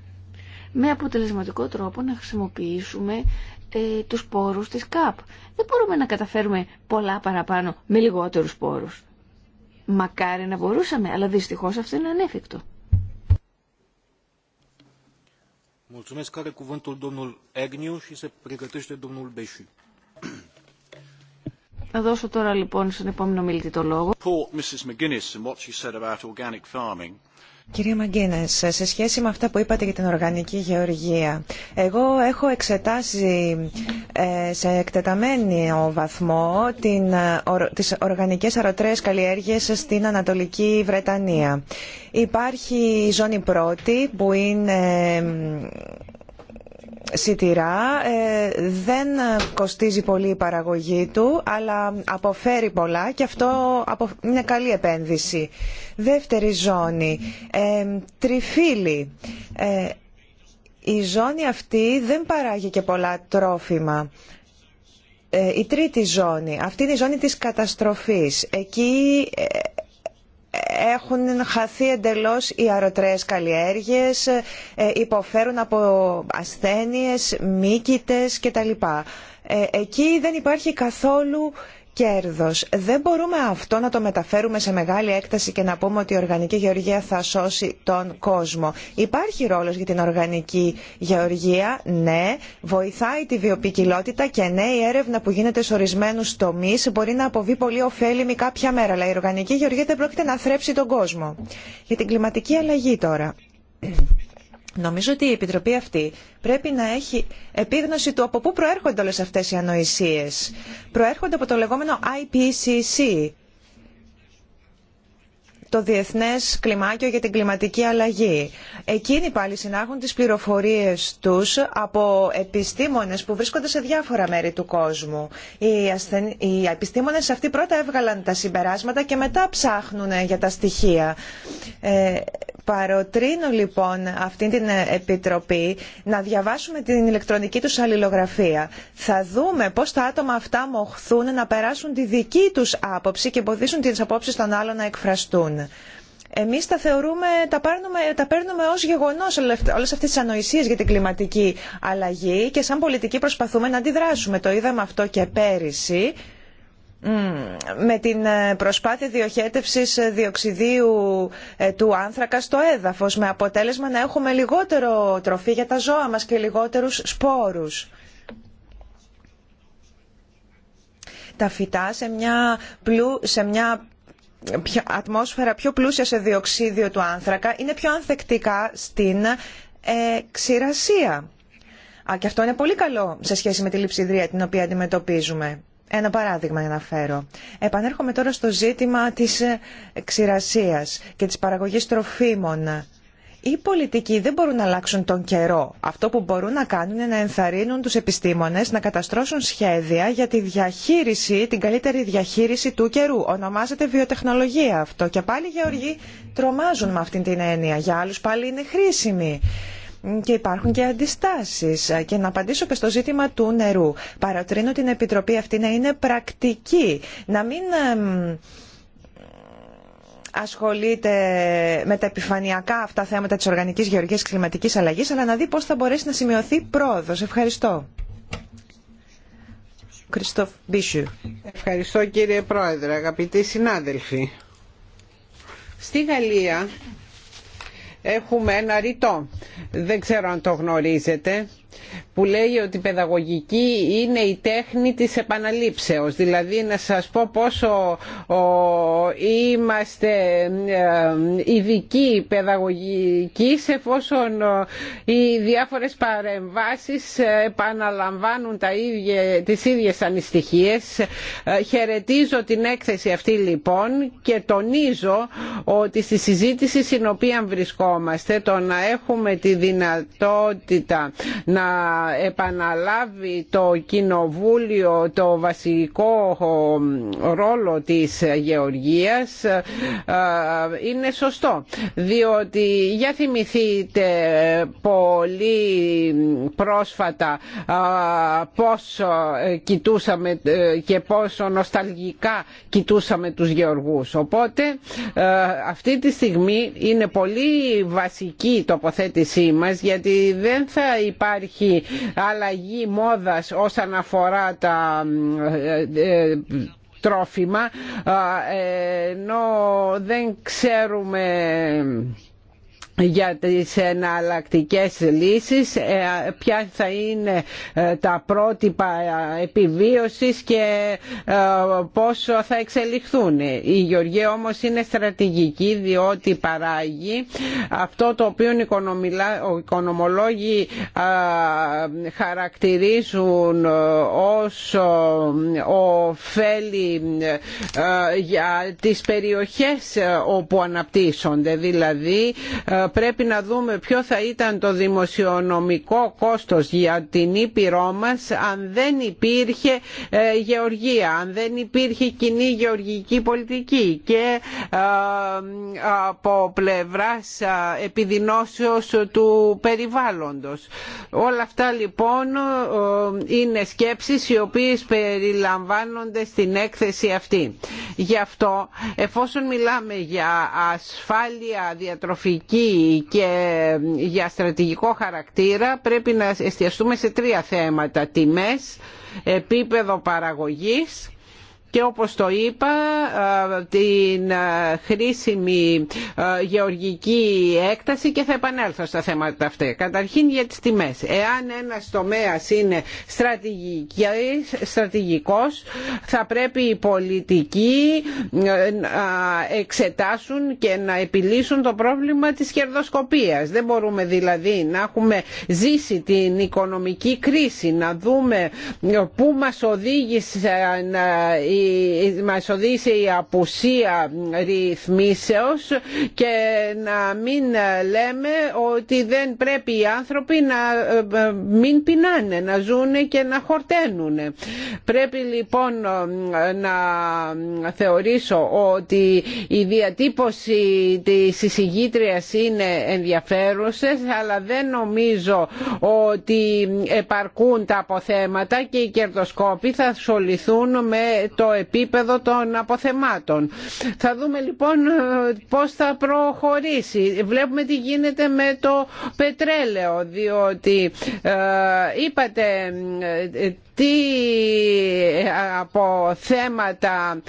με αποτελεσματικό τρόπο να χρησιμοποιήσουμε ε, τους πόρους της ΚΑΠ. Δεν μπορούμε να καταφέρουμε πολλά παραπάνω με λιγότερους πόρους. Μακάρι να μπορούσαμε, αλλά δυστυχώς αυτό είναι ανέφικτο. Θα δώσω τώρα λοιπόν στον επόμενο μιλητή το λόγο. Κυρία Μαγκίνε, σε σχέση με αυτά που είπατε για την οργανική γεωργία, εγώ έχω εξετάσει ε, σε εκτεταμένο βαθμό την, ε, τις οργανικές αρωτρέες καλλιέργειες στην Ανατολική Βρετανία. Υπάρχει η ζώνη πρώτη που είναι σιτηρά, ε, δεν κοστίζει πολύ η παραγωγή του, αλλά αποφέρει πολλά και αυτό είναι καλή επένδυση. Δεύτερη ζώνη, ε, τριφύλι. Ε, η ζώνη αυτή δεν παράγει και πολλά τρόφιμα. Η τρίτη ζώνη, αυτή είναι η ζώνη της καταστροφής. Εκεί έχουν χαθεί εντελώς οι αρωτρές καλλιέργειες, ε, υποφέρουν από ασθένειες, μύκητες κτλ. Ε, εκεί δεν υπάρχει καθόλου κέρδος. Δεν μπορούμε αυτό να το μεταφέρουμε σε μεγάλη έκταση και να πούμε ότι η οργανική γεωργία θα σώσει τον κόσμο. Υπάρχει ρόλος για την οργανική γεωργία, ναι, βοηθάει τη βιοπικιλότητα και ναι, η έρευνα που γίνεται σε ορισμένους τομείς μπορεί να αποβεί πολύ ωφέλιμη κάποια μέρα, αλλά η οργανική γεωργία δεν πρόκειται να θρέψει τον κόσμο. Για την κλιματική αλλαγή τώρα. Νομίζω ότι η Επιτροπή αυτή πρέπει να έχει επίγνωση του από πού προέρχονται όλες αυτές οι ανοησίες. Προέρχονται από το λεγόμενο IPCC, το Διεθνές Κλιμάκιο για την Κλιματική Αλλαγή. Εκείνοι πάλι συνάγουν τις πληροφορίες τους από επιστήμονες που βρίσκονται σε διάφορα μέρη του κόσμου. Οι, ασθεν... Οι επιστήμονες αυτοί πρώτα έβγαλαν τα συμπεράσματα και μετά ψάχνουν για τα στοιχεία. Ε, Παροτρύνω λοιπόν αυτή την ε, Επιτροπή να διαβάσουμε την ηλεκτρονική τους αλληλογραφία. Θα δούμε πώς τα άτομα αυτά μοχθούν να περάσουν τη δική τους άποψη και εμποδίσουν τις απόψεις των άλλων να εκφραστούν. Εμείς τα θεωρούμε, τα παίρνουμε, τα παίρνουμε ως γεγονός όλες αυτές τις ανοησίες για την κλιματική αλλαγή και σαν πολιτικοί προσπαθούμε να αντιδράσουμε. Το είδαμε αυτό και πέρυσι με την ε, προσπάθεια διοχέτευσης ε, διοξιδίου ε, του άνθρακα στο έδαφος με αποτέλεσμα να έχουμε λιγότερο τροφή για τα ζώα μας και λιγότερους σπόρους. Τα φυτά σε μια, πλου, σε μια ατμόσφαιρα πιο πλούσια σε διοξίδιο του άνθρακα είναι πιο ανθεκτικά στην ξηρασία. Α, και αυτό είναι πολύ καλό σε σχέση με τη λειψιδρία την οποία αντιμετωπίζουμε. Ένα παράδειγμα να φέρω. Επανέρχομαι τώρα στο ζήτημα της ε, ξηρασίας και της παραγωγής τροφίμων. Οι πολιτικοί δεν μπορούν να αλλάξουν τον καιρό. Αυτό που μπορούν να κάνουν είναι να ενθαρρύνουν τους επιστήμονες να καταστρώσουν σχέδια για τη διαχείριση, την καλύτερη διαχείριση του καιρού. Ονομάζεται βιοτεχνολογία αυτό και πάλι οι γεωργοί τρομάζουν με αυτή την έννοια. Για άλλους πάλι είναι χρήσιμη και υπάρχουν και αντιστάσεις. Και να απαντήσω και στο ζήτημα του νερού. Παρατρύνω την Επιτροπή αυτή να είναι πρακτική, να μην ασχολείται με τα επιφανειακά αυτά θέματα τη οργανικής γεωργίας και κλιματικής αλλαγής, αλλά να δει πώς θα μπορέσει να σημειωθεί πρόοδος. Ευχαριστώ. Κριστόφ Ευχαριστώ κύριε Πρόεδρε, αγαπητοί συνάδελφοι. Στη Γαλλία έχουμε ένα ρητό. Δεν ξέρω αν το γνωρίζετε που λέει ότι η παιδαγωγική είναι η τέχνη της επαναλήψεως. Δηλαδή να σας πω πόσο είμαστε ε, ειδικοί παιδαγωγικοί εφόσον οι διάφορες παρεμβάσεις επαναλαμβάνουν τα ίδια, τις ίδιες ε, Χαιρετίζω την έκθεση αυτή λοιπόν και τονίζω ότι στη συζήτηση στην οποία βρισκόμαστε το να έχουμε τη δυνατότητα να επαναλάβει το Κοινοβούλιο το βασικό ρόλο της Γεωργίας ε, είναι σωστό διότι για θυμηθείτε πολύ πρόσφατα ε, πώς ε, κοιτούσαμε και πόσο νοσταλγικά κοιτούσαμε τους γεωργούς. Οπότε αυτή τη στιγμή είναι πολύ βασική η τοποθέτησή μας γιατί δεν θα υπάρχει υπάρχει αλλαγή μόδας όσον αφορά τα ε, ε, τρόφιμα ενώ δεν ξέρουμε για τις εναλλακτικέ λύσεις, ε, ποια θα είναι ε, τα πρότυπα ε, επιβίωσης και πόσο θα εξελιχθούν. Η Γεωργία όμως είναι στρατηγική διότι παράγει αυτό το οποίο οι οικονομολόγοι χαρακτηρίζουν ως ωφέλη για τις περιοχές όπου αναπτύσσονται, δηλαδή πρέπει να δούμε ποιο θα ήταν το δημοσιονομικό κόστος για την Ήπειρό μας αν δεν υπήρχε ε, γεωργία, αν δεν υπήρχε κοινή γεωργική πολιτική και ε, από πλευράς ε, επιδεινώσεως του περιβάλλοντος. Όλα αυτά λοιπόν είναι σκέψεις οι οποίες περιλαμβάνονται στην έκθεση αυτή. Γι' αυτό εφόσον μιλάμε για ασφάλεια διατροφική και για στρατηγικό χαρακτήρα πρέπει να εστιαστούμε σε τρία θέματα. Τιμές, επίπεδο παραγωγής και όπως το είπα την χρήσιμη γεωργική έκταση και θα επανέλθω στα θέματα αυτά. Καταρχήν για τις τιμές. Εάν ένας τομέας είναι στρατηγικός θα πρέπει οι πολιτικοί ε, να εξετάσουν και να επιλύσουν το πρόβλημα της κερδοσκοπίας. Δεν μπορούμε δηλαδή να έχουμε ζήσει την οικονομική κρίση, να δούμε πού μας οδήγησαν ε, μας οδήγησε η απουσία ρυθμίσεως και να μην λέμε ότι δεν πρέπει οι άνθρωποι να ε, μην πεινάνε, να ζούνε και να χορταίνουν. Πρέπει λοιπόν ε, να θεωρήσω ότι η διατύπωση της εισηγήτριας είναι ενδιαφέρουσες αλλά δεν νομίζω ότι επαρκούν τα αποθέματα και οι κερδοσκόποι θα ασχοληθούν με το επίπεδο των αποθεμάτων. Θα δούμε λοιπόν πώς θα προχωρήσει. Βλέπουμε τι γίνεται με το πετρέλαιο, διότι ε, είπατε ε, τι από θέματα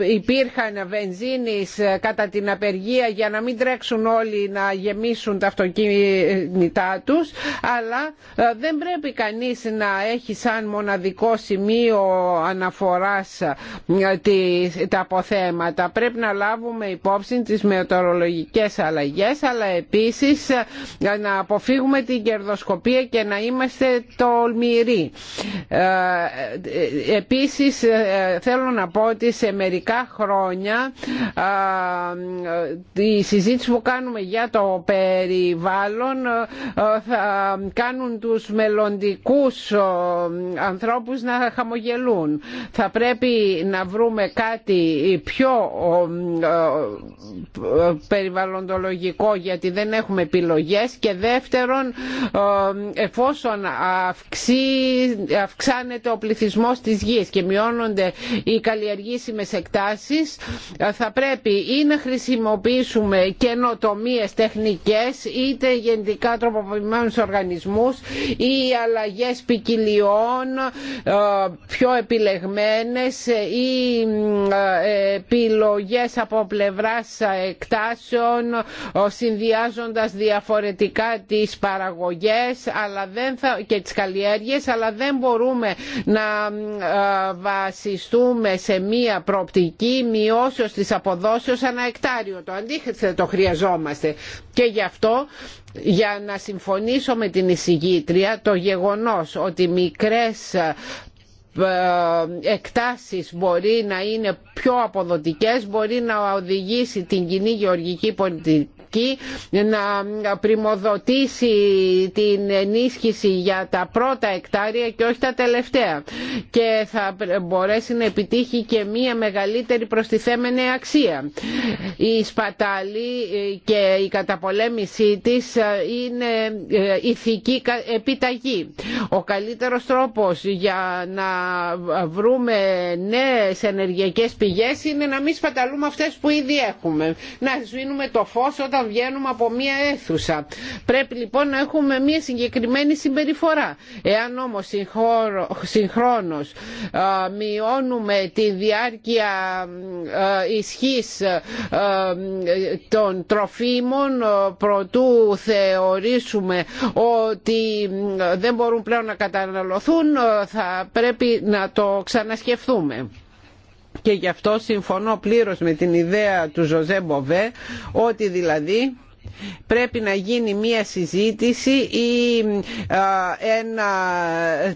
υπήρχαν βενζίνης κατά την απεργία για να μην τρέξουν όλοι να γεμίσουν τα αυτοκίνητά τους αλλά ε, δεν πρέπει κανείς να έχει σαν μοναδικό σημείο αναφορά αναφοράς ε, τα αποθέματα. Πρέπει να λάβουμε υπόψη τις μετεωρολογικές αλλαγές αλλά επίσης ε, να αποφύγουμε την κερδοσκοπία και να είμαστε τολμηροί. Ε, επίσης θέλω να πω ότι σε μερικά χρόνια η συζήτηση που κάνουμε για το περιβάλλον θα κάνουν τους μελλοντικούς ανθρώπους να χαμογελούν θα πρέπει να βρούμε κάτι πιο περιβαλλοντολογικό γιατί δεν έχουμε επιλογές και δεύτερον εφόσον αυξάνεται ο πληθυσμός της γης και μειώνονται οι καλλιεργήσιμες εκτάσεις θα πρέπει ή να χρησιμοποιήσουμε καινοτομίε τεχνικές είτε γενικά τροποποιημένους οργανισμούς ή αλλαγές ποικιλιών πιο επιλεγμένες ή ε, επιλογές από πλευράς εκτάσεων συνδυάζοντας διαφορετικά τις παραγωγές αλλά δεν θα, και τις καλλιέργειες αλλά δεν μπορούμε να ε, βασιστούμε σε μία προοπτική μειώσεως της αποδόσεως ένα εκτάριο. Το αντίθετο χρειαζόμαστε και γι' αυτό για να συμφωνήσω με την εισηγήτρια το γεγονός ότι μικρές ε, εκτάσεις μπορεί να είναι πιο αποδοτικές μπορεί να οδηγήσει την κοινή γεωργική πολιτική να πρημοδοτήσει την ενίσχυση για τα πρώτα εκτάρια και όχι τα τελευταία και θα μπορέσει να επιτύχει και μία μεγαλύτερη προστιθέμενη αξία. Η σπατάλη και η καταπολέμησή της είναι ε, ηθική επιταγή. Ο καλύτερος τρόπος για να βρούμε νέες ενεργειακές πηγές είναι να μην σπαταλούμε αυτές που ήδη έχουμε. Να σβήνουμε το φως όταν όταν βγαίνουμε από μία αίθουσα. Πρέπει λοιπόν να έχουμε μία συγκεκριμένη συμπεριφορά. Εάν όμως συγχρόνως μειώνουμε τη διάρκεια ισχύς των τροφίμων προτού θεωρήσουμε ότι δεν μπορούν πλέον να καταναλωθούν θα πρέπει να το ξανασκεφτούμε και γι' αυτό συμφωνώ πλήρως με την ιδέα του Ζωζέ Μποβέ ότι δηλαδή πρέπει να γίνει μία συζήτηση ή ένα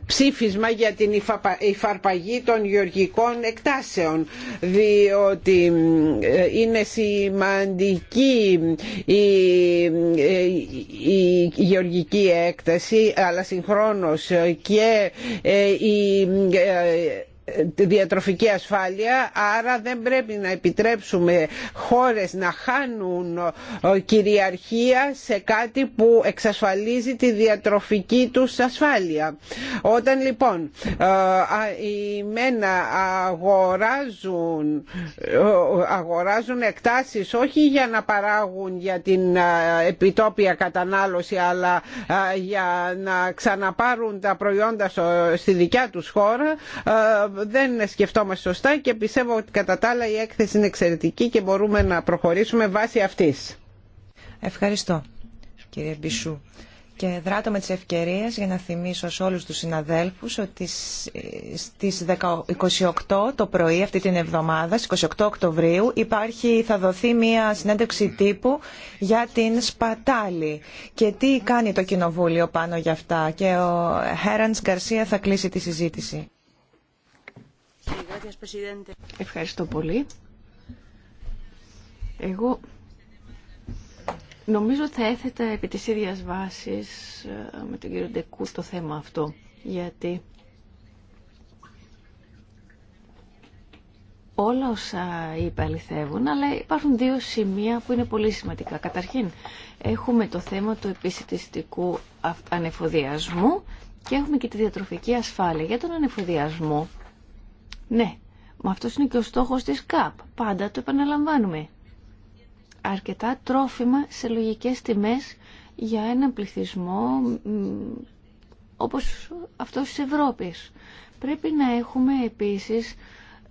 ψήφισμα για την υφαρπαγή των γεωργικών εκτάσεων διότι ε, είναι σημαντική ε, η γεωργική έκταση αλλά συγχρόνως και ε, η ε, διατροφική ασφάλεια άρα δεν πρέπει να επιτρέψουμε χώρες να χάνουν ε, κυριαρχία σε κάτι που εξασφαλίζει τη διατροφική τους ασφάλεια. Όταν λοιπόν ε, οι μένα αγοράζουν, αγοράζουν εκτάσεις όχι για να παράγουν για την επιτόπια κατανάλωση αλλά για να ξαναπάρουν τα προϊόντα στη δικιά τους χώρα δεν σκεφτόμαστε σωστά και πιστεύω ότι κατά τα άλλα η έκθεση είναι εξαιρετική και μπορούμε να προχωρήσουμε βάσει αυτής. Ευχαριστώ κύριε Μπισού. Και δράτω με τις ευκαιρίες για να θυμίσω σε όλους τους συναδέλφους ότι στις 28 το πρωί αυτή την εβδομάδα, στις 28 Οκτωβρίου, υπάρχει, θα δοθεί μια συνέντευξη τύπου για την Σπατάλη. Και τι κάνει το Κοινοβούλιο πάνω γι' αυτά. Και ο Χέραντς Γκαρσία θα κλείσει τη συζήτηση. Ευχαριστώ πολύ. Εγώ νομίζω θα έθετα επί της ίδιας βάσης ε, με τον κύριο Ντεκού το θέμα αυτό, γιατί όλα όσα είπα αληθεύουν, αλλά υπάρχουν δύο σημεία που είναι πολύ σημαντικά. Καταρχήν, έχουμε το θέμα του επισητιστικού ανεφοδιασμού και έχουμε και τη διατροφική ασφάλεια. Για τον ανεφοδιασμό, ναι, μα αυτός είναι και ο στόχος της ΚΑΠ. Πάντα το επαναλαμβάνουμε. Αρκετά τρόφιμα σε λογικές τιμές για έναν πληθυσμό όπως αυτός της Ευρώπης. Πρέπει να έχουμε επίσης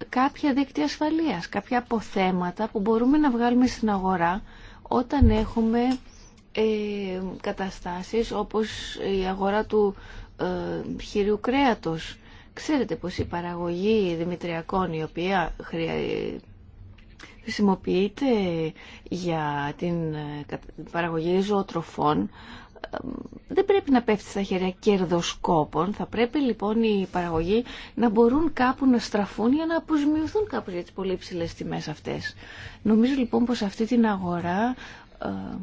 κάποια δίκτυα ασφαλείας, κάποια αποθέματα που μπορούμε να βγάλουμε στην αγορά όταν έχουμε ε, καταστάσεις όπως η αγορά του ε, χειρίου κρέατος Ξέρετε πως η παραγωγή δημητριακών η οποία χρησιμοποιείται για την ε, παραγωγή ζωοτροφών δεν πρέπει να πέφτει στα χέρια κερδοσκόπων. Θα πρέπει λοιπόν οι παραγωγοί να μπορούν κάπου να στραφούν για να αποσμιωθούν κάπου για τις πολύ ψηλές τιμές αυτές. Νομίζω λοιπόν πως αυτή την αγορά ε,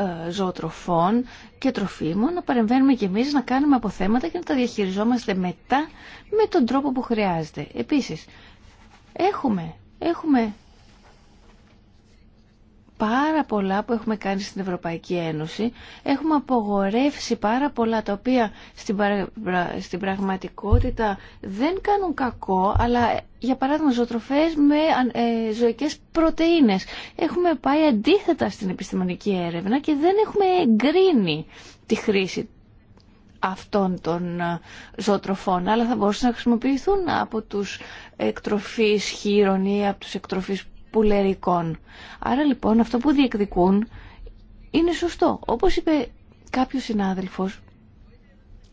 Ε, ζωοτροφών και τροφίμων, να παρεμβαίνουμε και εμείς να κάνουμε αποθέματα και να τα διαχειριζόμαστε μετά με τον τρόπο που χρειάζεται. Επίσης, έχουμε, έχουμε πάρα πολλά που έχουμε κάνει στην Ευρωπαϊκή Ένωση. Έχουμε απογορεύσει πάρα πολλά τα οποία στην, πραγματικότητα δεν κάνουν κακό, αλλά για παράδειγμα ζωοτροφές με ε, ζωικές πρωτεΐνες. Έχουμε πάει αντίθετα στην επιστημονική έρευνα και δεν έχουμε εγκρίνει τη χρήση αυτών των ε, ζωοτροφών, αλλά θα μπορούσαν να χρησιμοποιηθούν από τους εκτροφείς χείρων ή από τους εκτροφείς πουλερικών. Άρα λοιπόν αυτό που διεκδικούν είναι σωστό. Όπως είπε κάποιος συνάδελφος,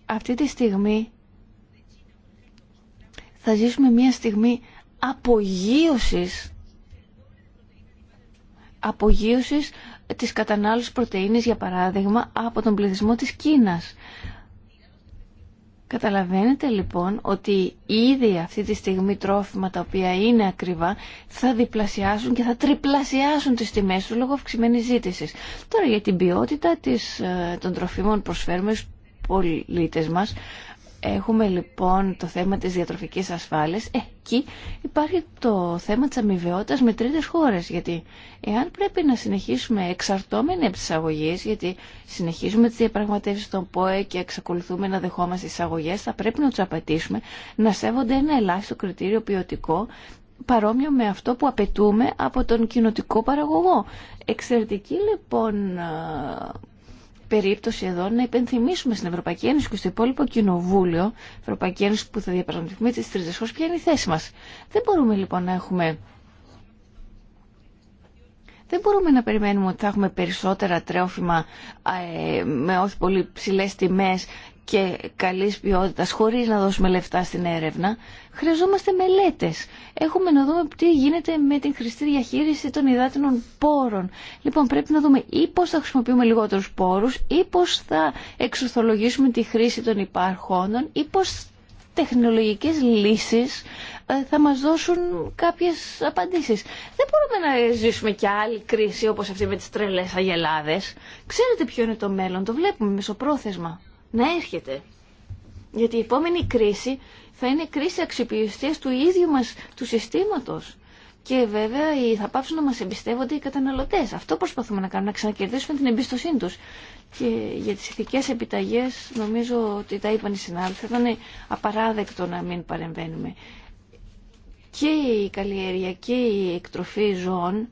αυτή τη στιγμή θα ζήσουμε μια στιγμή απογείωσης απογείωσης της κατανάλωσης πρωτεΐνης, για παράδειγμα, από τον πληθυσμό της Κίνας. Καταλαβαίνετε λοιπόν ότι ήδη αυτή τη στιγμή τρόφιμα τα οποία είναι ακριβά θα διπλασιάσουν και θα τριπλασιάσουν τις τιμές του λόγω αυξημένη ζήτησης. Τώρα για την ποιότητα της, ε, των τροφίμων προσφέρουμε στους πολίτες μας Έχουμε λοιπόν το θέμα της διατροφικής ασφάλειας. Ε, εκεί υπάρχει το θέμα της αμοιβαιότητας με τρίτες χώρες. Γιατί εάν πρέπει να συνεχίσουμε εξαρτώμενοι από τις αγωγές, γιατί συνεχίζουμε τις διαπραγματεύσεις των ΠΟΕ και εξακολουθούμε να δεχόμαστε εισαγωγές, θα πρέπει να τους απαιτήσουμε να σέβονται ένα ελάχιστο κριτήριο ποιοτικό παρόμοιο με αυτό που απαιτούμε από τον κοινοτικό παραγωγό. Εξαιρετική λοιπόν περίπτωση εδώ να υπενθυμίσουμε στην Ευρωπαϊκή Ένωση και στο υπόλοιπο Κοινοβούλιο, Ευρωπαϊκή Ένωση που θα διαπραγματευτούμε τι τρει δεσμού, ποια είναι η θέση μας. Δεν μπορούμε λοιπόν να έχουμε... Δεν μπορούμε να περιμένουμε ότι θα έχουμε περισσότερα ε, με όχι πολύ ψηλέ τιμές και καλής ποιότητας χωρίς να δώσουμε λεφτά στην έρευνα, χρειαζόμαστε μελέτες. Έχουμε να δούμε τι γίνεται με την χρηστή διαχείριση των υδάτινων πόρων. Λοιπόν, πρέπει να δούμε ή πώς θα χρησιμοποιούμε λιγότερους πόρους, ή πώς θα εξορθολογήσουμε τη χρήση των υπάρχοντων, ή πώς τεχνολογικές λύσεις ε, θα μας δώσουν κάποιες απαντήσεις. Δεν μπορούμε να ζήσουμε και άλλη κρίση όπως αυτή με τις τρελές αγελάδες. Ξέρετε ποιο είναι το μέλλον, το βλέπουμε μεσοπρόθεσμα να έρχεται. Γιατί η επόμενη κρίση θα είναι κρίση αξιοποιηστίας του ίδιου μας του συστήματος. Και βέβαια θα πάψουν να μας εμπιστεύονται οι καταναλωτές. Αυτό προσπαθούμε να κάνουμε, να ξανακερδίσουμε την εμπιστοσύνη τους. Και για τις ηθικές επιταγές νομίζω ότι τα είπαν οι συνάδελφοι. Θα ήταν απαράδεκτο να μην παρεμβαίνουμε. Και η καλλιέργεια και η εκτροφή ζώων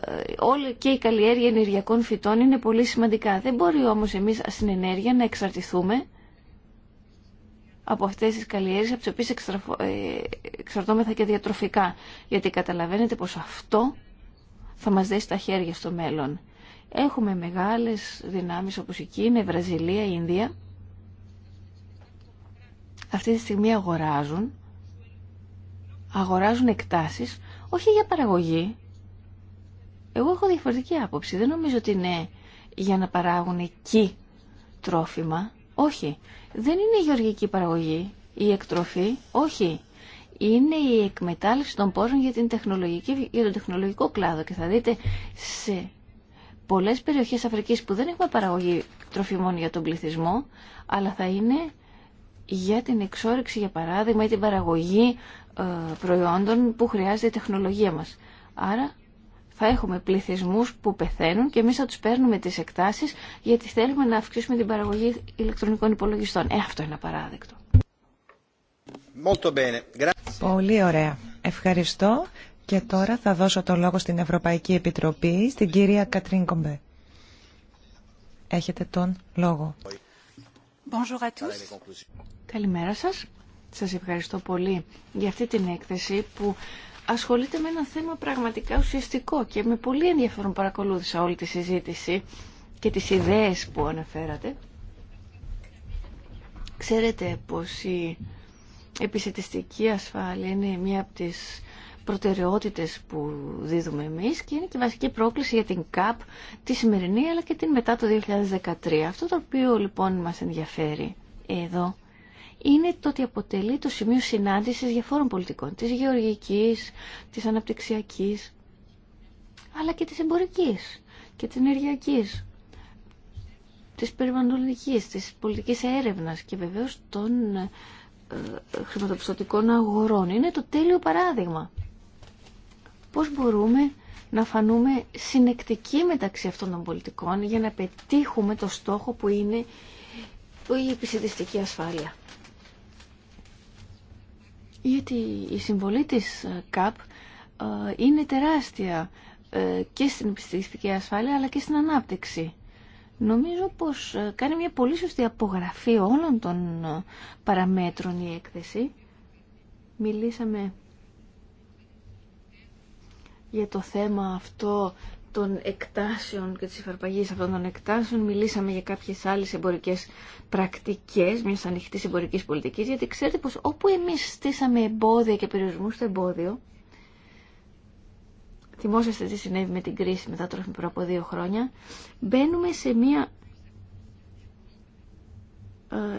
ε, όλη και η καλλιέργεια ενεργειακών φυτών είναι πολύ σημαντικά. Δεν μπορεί όμως εμείς στην ενέργεια να εξαρτηθούμε από αυτές τις καλλιέργειες από τις οποίες ε, εξαρτώμεθα και διατροφικά. Γιατί καταλαβαίνετε πως αυτό θα μας δέσει τα χέρια στο μέλλον. Έχουμε μεγάλες δυνάμεις όπως η Κίνα, η Βραζιλία, η Ινδία. Αυτή τη στιγμή αγοράζουν, αγοράζουν εκτάσεις, όχι για παραγωγή, εγώ έχω διαφορετική άποψη. Δεν νομίζω ότι είναι για να παράγουν εκεί τρόφιμα. Όχι. Δεν είναι η γεωργική παραγωγή, η εκτροφή. Όχι. Είναι η εκμετάλλευση των πόρων για, την τεχνολογική, για τον τεχνολογικό κλάδο. Και θα δείτε σε πολλές περιοχές Αφρικής που δεν έχουμε παραγωγή τροφιμών για τον πληθυσμό, αλλά θα είναι για την εξόρυξη, για παράδειγμα, ή την παραγωγή ε, προϊόντων που χρειάζεται η τεχνολογία μας. Άρα θα έχουμε πληθυσμούς που πεθαίνουν και εμείς θα τους παίρνουμε τις εκτάσεις γιατί θέλουμε να αυξήσουμε την παραγωγή ηλεκτρονικών υπολογιστών. Ε, αυτό είναι απαράδεκτο. Πολύ ωραία. Ευχαριστώ. Και τώρα θα δώσω το λόγο στην Ευρωπαϊκή Επιτροπή, στην κυρία Κατρίν Κομπέ. Έχετε τον λόγο. Καλημέρα σας. Σας ευχαριστώ πολύ για αυτή την έκθεση που ασχολείται με ένα θέμα πραγματικά ουσιαστικό και με πολύ ενδιαφέρον παρακολούθησα όλη τη συζήτηση και τις ιδέες που αναφέρατε. Ξέρετε πως η επισητιστική ασφάλεια είναι μία από τις προτεραιότητες που δίδουμε εμείς και είναι και βασική πρόκληση για την ΚΑΠ τη σημερινή αλλά και την μετά το 2013. Αυτό το οποίο λοιπόν μας ενδιαφέρει εδώ είναι το ότι αποτελεί το σημείο συνάντησης διαφόρων πολιτικών, της γεωργικής, της αναπτυξιακής, αλλά και της εμπορικής και της ενεργειακής, της περιβαλλοντικής, της πολιτικής έρευνας και βεβαίως των ε, χρηματοπιστωτικών αγορών. Είναι το τέλειο παράδειγμα. Πώς μπορούμε να φανούμε συνεκτικοί μεταξύ αυτών των πολιτικών για να πετύχουμε το στόχο που είναι η επισητιστική ασφάλεια γιατί η συμβολή της ε, ΚΑΠ ε, είναι τεράστια ε, και στην επιστημιστική ασφάλεια αλλά και στην ανάπτυξη. Νομίζω πως κάνει μια πολύ σωστή απογραφή όλων των παραμέτρων η έκθεση. Μιλήσαμε για το θέμα αυτό των εκτάσεων και της υφαρπαγής αυτών των εκτάσεων μιλήσαμε για κάποιες άλλες εμπορικές πρακτικές μιας ανοιχτή εμπορικής πολιτικής γιατί ξέρετε πως όπου εμείς στήσαμε εμπόδια και περιορισμού στο εμπόδιο θυμόσαστε τι συνέβη με την κρίση μετά τώρα πριν από δύο χρόνια μπαίνουμε σε μια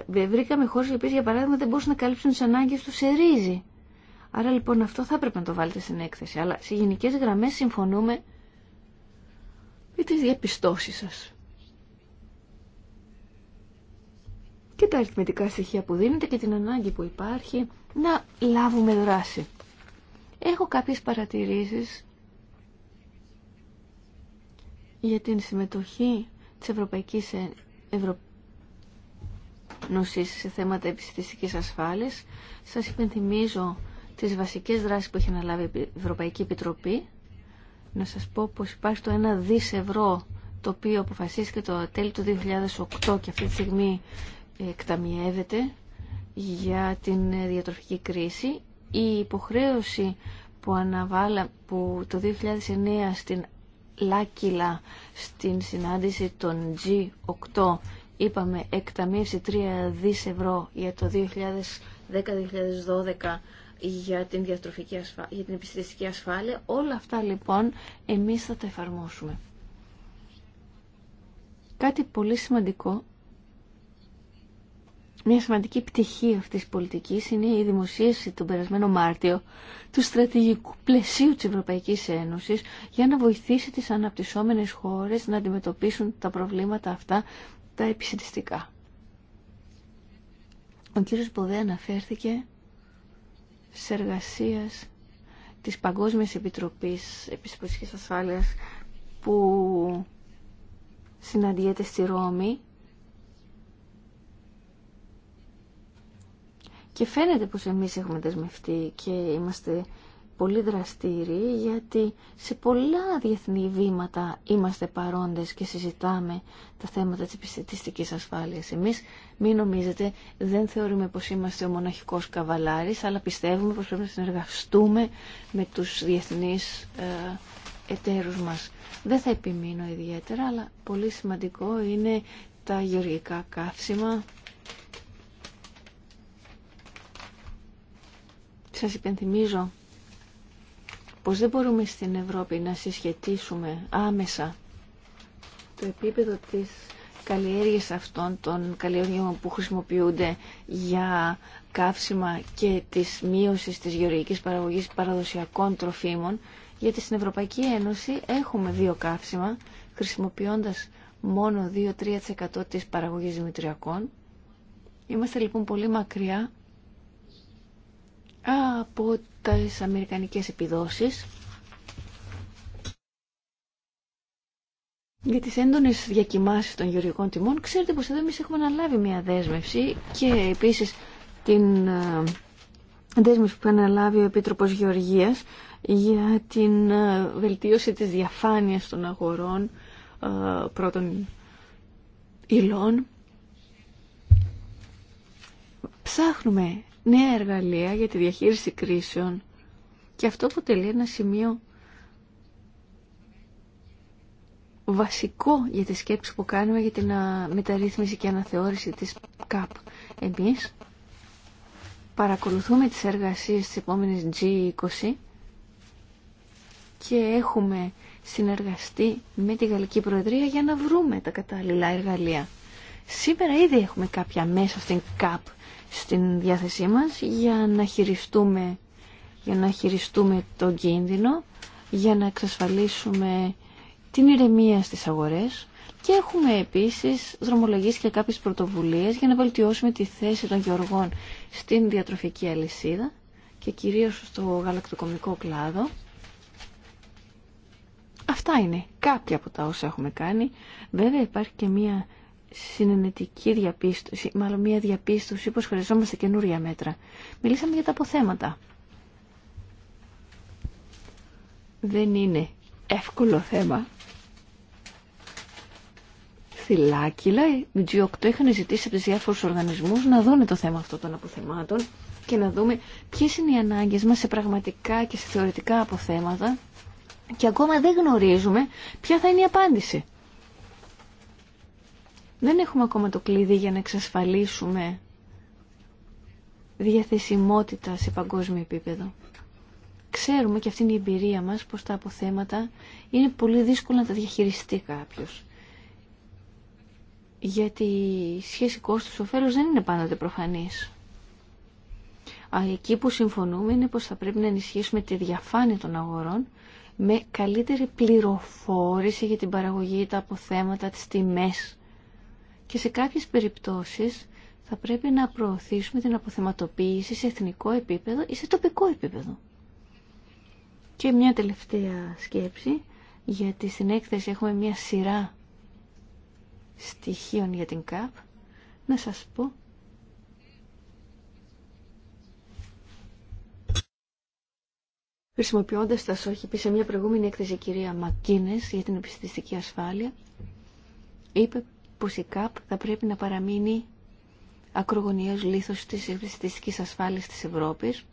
ε, βρήκαμε χώρες οι οποίες για παράδειγμα δεν μπορούσαν να καλύψουν τις ανάγκες του σε ρύζι Άρα λοιπόν αυτό θα έπρεπε να το βάλετε στην έκθεση. Αλλά σε γενικέ γραμμέ συμφωνούμε και τις διαπιστώσεις σας. Και τα αριθμητικά στοιχεία που δίνετε και την ανάγκη που υπάρχει να λάβουμε δράση. Έχω κάποιες παρατηρήσεις για την συμμετοχή της Ευρωπαϊκής Ευρω... σε θέματα επιστημιστικής ασφάλειας. Σας υπενθυμίζω τις βασικές δράσεις που έχει αναλάβει η Ευρωπαϊκή Επιτροπή να σας πω πως υπάρχει το ένα δις ευρώ το οποίο αποφασίστηκε το τέλη του 2008 και αυτή τη στιγμή εκταμιεύεται για την διατροφική κρίση. Η υποχρέωση που αναβάλα που το 2009 στην Λάκυλα στην συνάντηση των G8 είπαμε εκταμίευση 3 δις ευρώ για το 2010-2012 για την, διατροφική ασφάλεια για την επιστημιστική ασφάλεια. Όλα αυτά λοιπόν εμείς θα τα εφαρμόσουμε. Κάτι πολύ σημαντικό, μια σημαντική πτυχή αυτής της πολιτικής είναι η δημοσίευση τον περασμένο Μάρτιο του στρατηγικού πλαισίου της Ευρωπαϊκής Ένωσης για να βοηθήσει τις αναπτυσσόμενες χώρες να αντιμετωπίσουν τα προβλήματα αυτά τα επιστημιστικά. Ο κύριος Μποδέ αναφέρθηκε της εργασίας της Παγκόσμιας Επιτροπής Επιστημονικής Ασφάλειας που συναντιέται στη Ρώμη και φαίνεται πως εμείς έχουμε δεσμευτεί και είμαστε πολύ δραστήριοι γιατί σε πολλά διεθνή βήματα είμαστε παρόντες και συζητάμε τα θέματα της επιστημιστικής ασφάλειας. Εμείς, μην νομίζετε, δεν θεωρούμε πως είμαστε ο μοναχικός καβαλάρης, αλλά πιστεύουμε πως πρέπει να συνεργαστούμε με τους διεθνείς ε, εταίρους μας. Δεν θα επιμείνω ιδιαίτερα, αλλά πολύ σημαντικό είναι τα γεωργικά καύσιμα, Σας υπενθυμίζω πως δεν μπορούμε στην Ευρώπη να συσχετίσουμε άμεσα το επίπεδο της καλλιέργειας αυτών των καλλιεργειών που χρησιμοποιούνται για καύσιμα και της μείωσης της γεωργικής παραγωγής παραδοσιακών τροφίμων, γιατί στην Ευρωπαϊκή Ένωση έχουμε δύο καύσιμα, χρησιμοποιώντας μόνο 2-3% της παραγωγής δημητριακών. Είμαστε λοιπόν πολύ μακριά από τις αμερικανικές επιδόσεις για τις έντονες διακοιμάσεις των γεωργικών τιμών ξέρετε πως εδώ εμείς έχουμε αναλάβει μια δέσμευση και επίσης την ε, δέσμευση που αναλάβει ο Επίτροπος Γεωργίας για την ε, βελτίωση της διαφάνειας των αγορών ε, πρώτων υλών ψάχνουμε νέα εργαλεία για τη διαχείριση κρίσεων και αυτό αποτελεί ένα σημείο βασικό για τη σκέψη που κάνουμε για την μεταρρύθμιση και αναθεώρηση της ΚΑΠ. Εμείς παρακολουθούμε τις εργασίες της επόμενης G20 και έχουμε συνεργαστεί με τη Γαλλική Προεδρία για να βρούμε τα κατάλληλα εργαλεία. Σήμερα ήδη έχουμε κάποια μέσα στην ΚΑΠ στην διάθεσή μας για να χειριστούμε, για να χειριστούμε τον κίνδυνο, για να εξασφαλίσουμε την ηρεμία στις αγορές και έχουμε επίσης δρομολογήσει και κάποιες πρωτοβουλίες για να βελτιώσουμε τη θέση των γεωργών στην διατροφική αλυσίδα και κυρίως στο γαλακτοκομικό κλάδο. Αυτά είναι κάποια από τα όσα έχουμε κάνει. Βέβαια υπάρχει και μία συνενετική διαπίστωση, μάλλον μια διαπίστωση πως χρειαζόμαστε καινούρια μέτρα. Μιλήσαμε για τα αποθέματα. Δεν είναι εύκολο θέμα. Θυλάκυλα, οι G8 είχαν ζητήσει από τις διάφορους οργανισμούς να δούνε το θέμα αυτό των αποθεμάτων και να δούμε ποιες είναι οι ανάγκες μας σε πραγματικά και σε θεωρητικά αποθέματα και ακόμα δεν γνωρίζουμε ποια θα είναι η απάντηση. Δεν έχουμε ακόμα το κλειδί για να εξασφαλίσουμε διαθεσιμότητα σε παγκόσμιο επίπεδο. Ξέρουμε και αυτή είναι η εμπειρία μας πως τα αποθέματα είναι πολύ δύσκολα να τα διαχειριστεί κάποιος. Γιατί η σχέση κόστος οφέλους δεν είναι πάντοτε προφανής. Αλλά εκεί που συμφωνούμε είναι πως θα πρέπει να ενισχύσουμε τη διαφάνεια των αγορών με καλύτερη πληροφόρηση για την παραγωγή, τα αποθέματα, τις τιμές και σε κάποιες περιπτώσεις θα πρέπει να προωθήσουμε την αποθεματοποίηση σε εθνικό επίπεδο ή σε τοπικό επίπεδο. Και μια τελευταία σκέψη, γιατί στην έκθεση έχουμε μια σειρά στοιχείων για την ΚΑΠ, να σας πω Χρησιμοποιώντας τα σώχη, σε μια προηγούμενη έκθεση η κυρία Μακίνες για την επιστημιστική ασφάλεια, είπε πως η ΚΑΠ θα πρέπει να παραμείνει ακρογωνιαίος λίθος της ευρυστικής ασφάλειας της Ευρώπης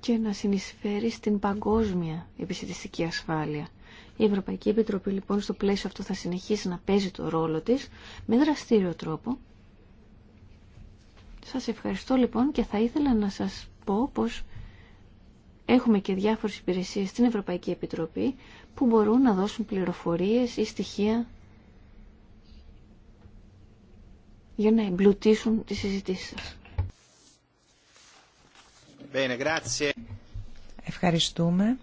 και να συνεισφέρει στην παγκόσμια επιστημιστική ασφάλεια. Η Ευρωπαϊκή Επιτροπή λοιπόν στο πλαίσιο αυτό θα συνεχίσει να παίζει το ρόλο της με δραστήριο τρόπο. Σας ευχαριστώ λοιπόν και θα ήθελα να σας πω πως έχουμε και διάφορες υπηρεσίες στην Ευρωπαϊκή Επιτροπή που μπορούν να δώσουν πληροφορίες ή στοιχεία για να εμπλουτίσουν τις συζητήσεις σας. Ευχαριστούμε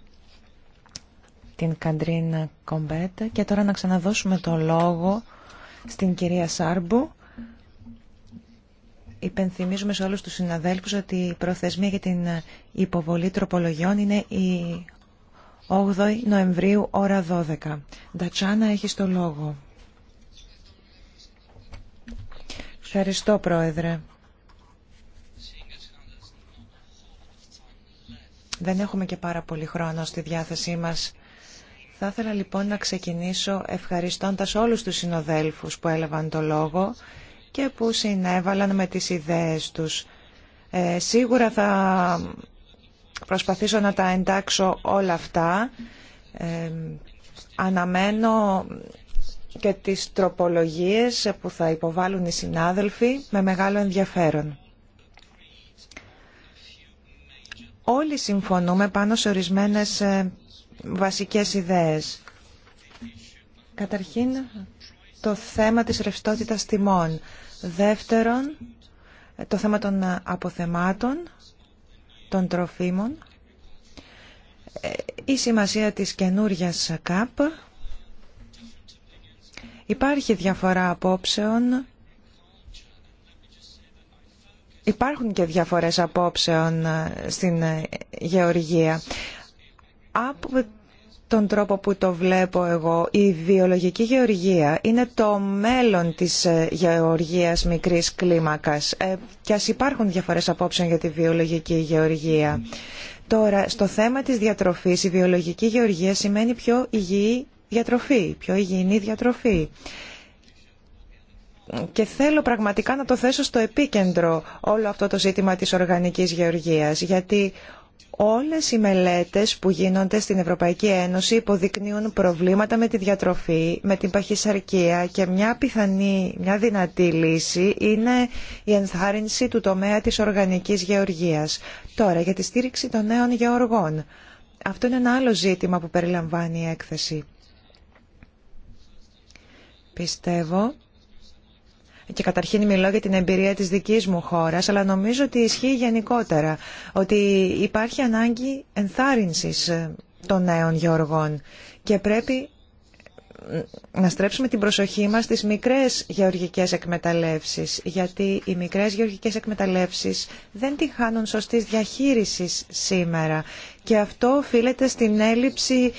την Καντρίνα Κομπέτα και τώρα να ξαναδώσουμε το λόγο στην κυρία Σάρμπου. Υπενθυμίζουμε σε όλους τους συναδέλφους ότι η προθεσμία για την υποβολή τροπολογιών είναι η 8η Νοεμβρίου ώρα 12. Ντατσάνα έχει το λόγο. Ευχαριστώ, Πρόεδρε. Δεν έχουμε και πάρα πολύ χρόνο στη διάθεσή μας. Θα ήθελα λοιπόν να ξεκινήσω ευχαριστώντας όλους τους συνοδέλφους που έλαβαν το λόγο και που συνέβαλαν με τις ιδέες τους. Ε, σίγουρα θα προσπαθήσω να τα εντάξω όλα αυτά. Ε, αναμένω και τις τροπολογίες που θα υποβάλουν οι συνάδελφοι με μεγάλο ενδιαφέρον. Όλοι συμφωνούμε πάνω σε ορισμένες ε, βασικές ιδέες. Καταρχήν, το θέμα της ρευστότητας τιμών. Δεύτερον, το θέμα των αποθεμάτων, των τροφίμων. Ε, η σημασία της καινούριας ΚΑΠ Υπάρχει διαφορά απόψεων. Υπάρχουν και διαφορές απόψεων ε, στην ε, γεωργία. Από τον τρόπο που το βλέπω εγώ, η βιολογική γεωργία είναι το μέλλον της ε, γεωργίας μικρής κλίμακας. και ας υπάρχουν διαφορές απόψεων για τη βιολογική γεωργία. Τώρα, στο θέμα της διατροφής, η βιολογική γεωργία σημαίνει πιο υγιή διατροφή, πιο υγιεινή διατροφή. Και θέλω πραγματικά να το θέσω στο επίκεντρο όλο αυτό το ζήτημα της οργανικής γεωργίας, γιατί όλες οι μελέτες που γίνονται στην Ευρωπαϊκή Ένωση υποδεικνύουν προβλήματα με τη διατροφή, με την παχυσαρκία και μια πιθανή, μια δυνατή λύση είναι η ενθάρρυνση του τομέα της οργανικής γεωργίας. Τώρα, για τη στήριξη των νέων γεωργών. Αυτό είναι ένα άλλο ζήτημα που περιλαμβάνει η έκθεση. Πιστεύω και καταρχήν μιλώ για την εμπειρία της δικής μου χώρας, αλλά νομίζω ότι ισχύει γενικότερα, ότι υπάρχει ανάγκη ενθάρρυνσης ε, των νέων γεωργών και πρέπει να στρέψουμε την προσοχή μας στις μικρές γεωργικές εκμεταλλεύσεις, γιατί οι μικρές γεωργικές εκμεταλλεύσεις δεν τη χάνουν σωστής διαχείρισης σήμερα και αυτό οφείλεται στην έλλειψη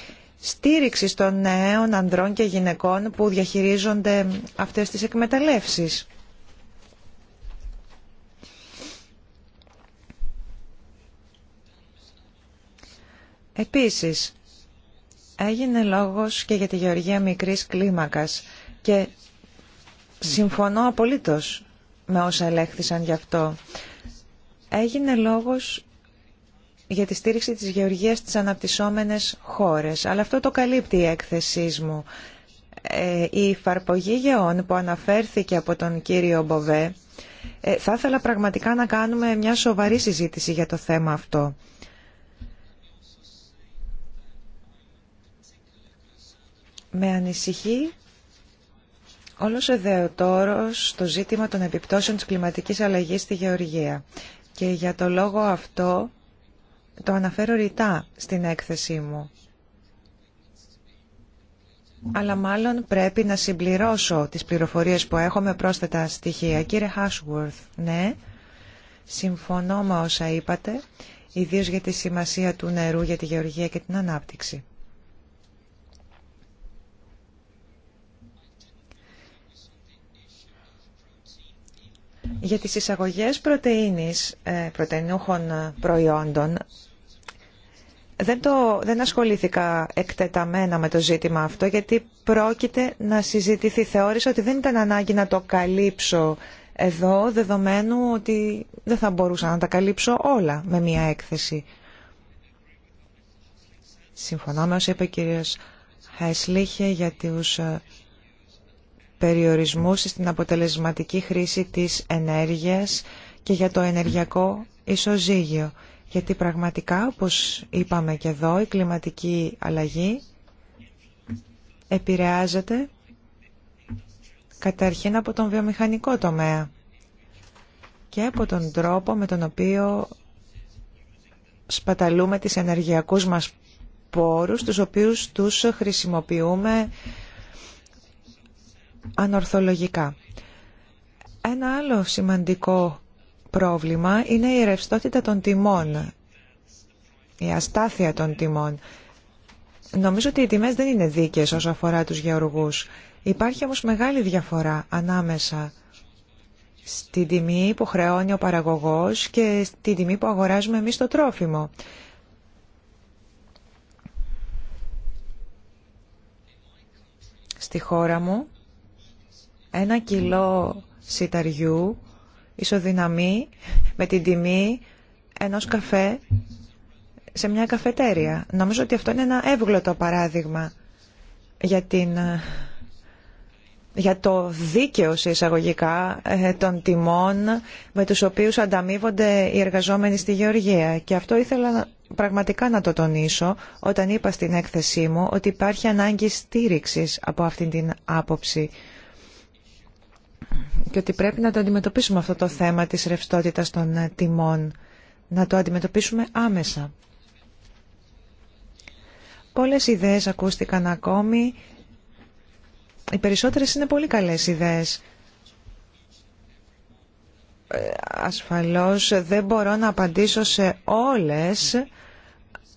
στήριξης των νέων ανδρών και γυναικών που διαχειρίζονται αυτές τις εκμεταλλεύσεις. Επίσης, έγινε λόγος και για τη γεωργία μικρής κλίμακας και συμφωνώ απολύτως με όσα ελέγχθησαν γι' αυτό. Έγινε λόγος για τη στήριξη της γεωργίας στις αναπτυσσόμενες χώρες. Αλλά αυτό το καλύπτει η έκθεσή μου. Ε, η φαρπογή γεών που αναφέρθηκε από τον κύριο Μποβέ, ε, θα ήθελα πραγματικά να κάνουμε μια σοβαρή συζήτηση για το θέμα αυτό. Με ανησυχεί όλος εδεωτόρος το ζήτημα των επιπτώσεων της κλιματικής αλλαγής στη Γεωργία. Και για το λόγο αυτό το αναφέρω ρητά στην έκθεσή μου. Αλλά μάλλον πρέπει να συμπληρώσω τις πληροφορίες που έχω με πρόσθετα στοιχεία. Κύριε Χάσουουρθ, ναι, συμφωνώ με όσα είπατε, ιδίως για τη σημασία του νερού για τη γεωργία και την ανάπτυξη. Για τις εισαγωγές πρωτεΐνης, ε, πρωτεϊνούχων ε, προϊόντων, δεν, το, δεν ασχολήθηκα εκτεταμένα με το ζήτημα αυτό, γιατί πρόκειται να συζητηθεί. Θεώρησα ότι δεν ήταν ανάγκη να το καλύψω εδώ, δεδομένου ότι δεν θα μπορούσα να τα καλύψω όλα με μια έκθεση. Συμφωνώ με όσο είπε ο κύριος Χαϊσλίχε για τους ε, περιορισμούς στην αποτελεσματική χρήση της ενέργειας και για το ενεργειακό ισοζύγιο. Γιατί πραγματικά, όπως είπαμε και εδώ, η κλιματική αλλαγή επηρεάζεται καταρχήν από τον βιομηχανικό τομέα και από τον τρόπο με τον οποίο σπαταλούμε τις ενεργειακούς μας πόρους, τους οποίους τους χρησιμοποιούμε ανορθολογικά. Ένα άλλο σημαντικό πρόβλημα είναι η ρευστότητα των τιμών, η αστάθεια των τιμών. Νομίζω ότι οι τιμές δεν είναι δίκαιες όσο αφορά τους γεωργούς. Υπάρχει όμως μεγάλη διαφορά ανάμεσα στην τιμή που χρεώνει ο παραγωγός και στην τιμή που αγοράζουμε εμείς το τρόφιμο. Στη χώρα μου ένα κιλό σιταριού ισοδυναμεί με την τιμή ενός καφέ σε μια καφετέρια. Νομίζω ότι αυτό είναι ένα εύγλωτο παράδειγμα για, την, για το δίκαιο σε εισαγωγικά ε, των τιμών με τους οποίους ανταμείβονται οι εργαζόμενοι στη Γεωργία. Και αυτό ήθελα πραγματικά να το τονίσω όταν είπα στην έκθεσή μου ότι υπάρχει ανάγκη στήριξης από αυτή την άποψη και ότι πρέπει να το αντιμετωπίσουμε αυτό το θέμα της ρευστότητας των ε, τιμών, να το αντιμετωπίσουμε άμεσα. Πολλές ιδέες ακούστηκαν ακόμη. Οι περισσότερες είναι πολύ καλές ιδέες. Ε, ασφαλώς δεν μπορώ να απαντήσω σε όλες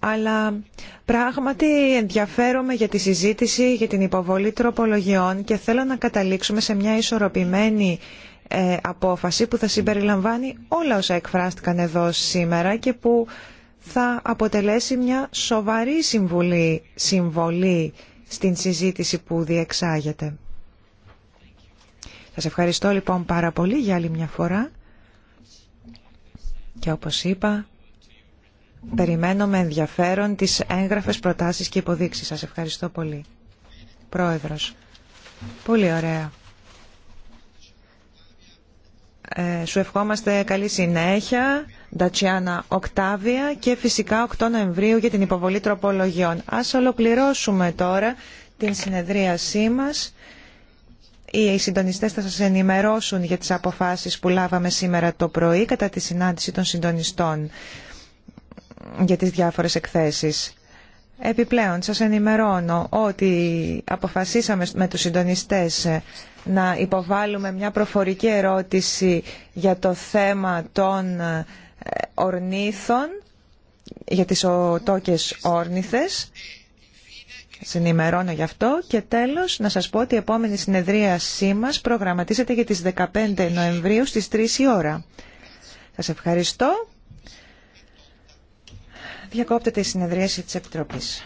αλλά πράγματι ενδιαφέρομαι για τη συζήτηση, για την υποβολή τροπολογιών και θέλω να καταλήξουμε σε μια ισορροπημένη ε, απόφαση που θα συμπεριλαμβάνει όλα όσα εκφράστηκαν εδώ σήμερα και που θα αποτελέσει μια σοβαρή συμβουλή, συμβολή στην συζήτηση που διεξάγεται. Σας ευχαριστώ λοιπόν πάρα πολύ για άλλη μια φορά και όπως είπα Περιμένω με ενδιαφέρον τις έγγραφες προτάσεις και υποδείξεις. Σας ευχαριστώ πολύ. Πρόεδρος. Πολύ ωραία. Ε, σου ευχόμαστε καλή συνέχεια, Ντατσιάνα Οκτάβια και φυσικά 8 Νοεμβρίου για την υποβολή τροπολογιών. Ας ολοκληρώσουμε τώρα την συνεδρίασή μας. Οι συντονιστές θα σας ενημερώσουν για τις αποφάσεις που λάβαμε σήμερα το πρωί κατά τη συνάντηση των συντονιστών για τις διάφορες εκθέσεις. Επιπλέον, σας ενημερώνω ότι αποφασίσαμε με τους συντονιστές να υποβάλουμε μια προφορική ερώτηση για το θέμα των ε, ορνήθων, για τις οτόκες όρνηθες. Σας ενημερώνω γι' αυτό και τέλος να σας πω ότι η επόμενη συνεδρίασή μας προγραμματίζεται για τις 15 Νοεμβρίου στις 3 η ώρα. Σας ευχαριστώ. Διακόπτεται η συνεδρίαση της Επιτροπής.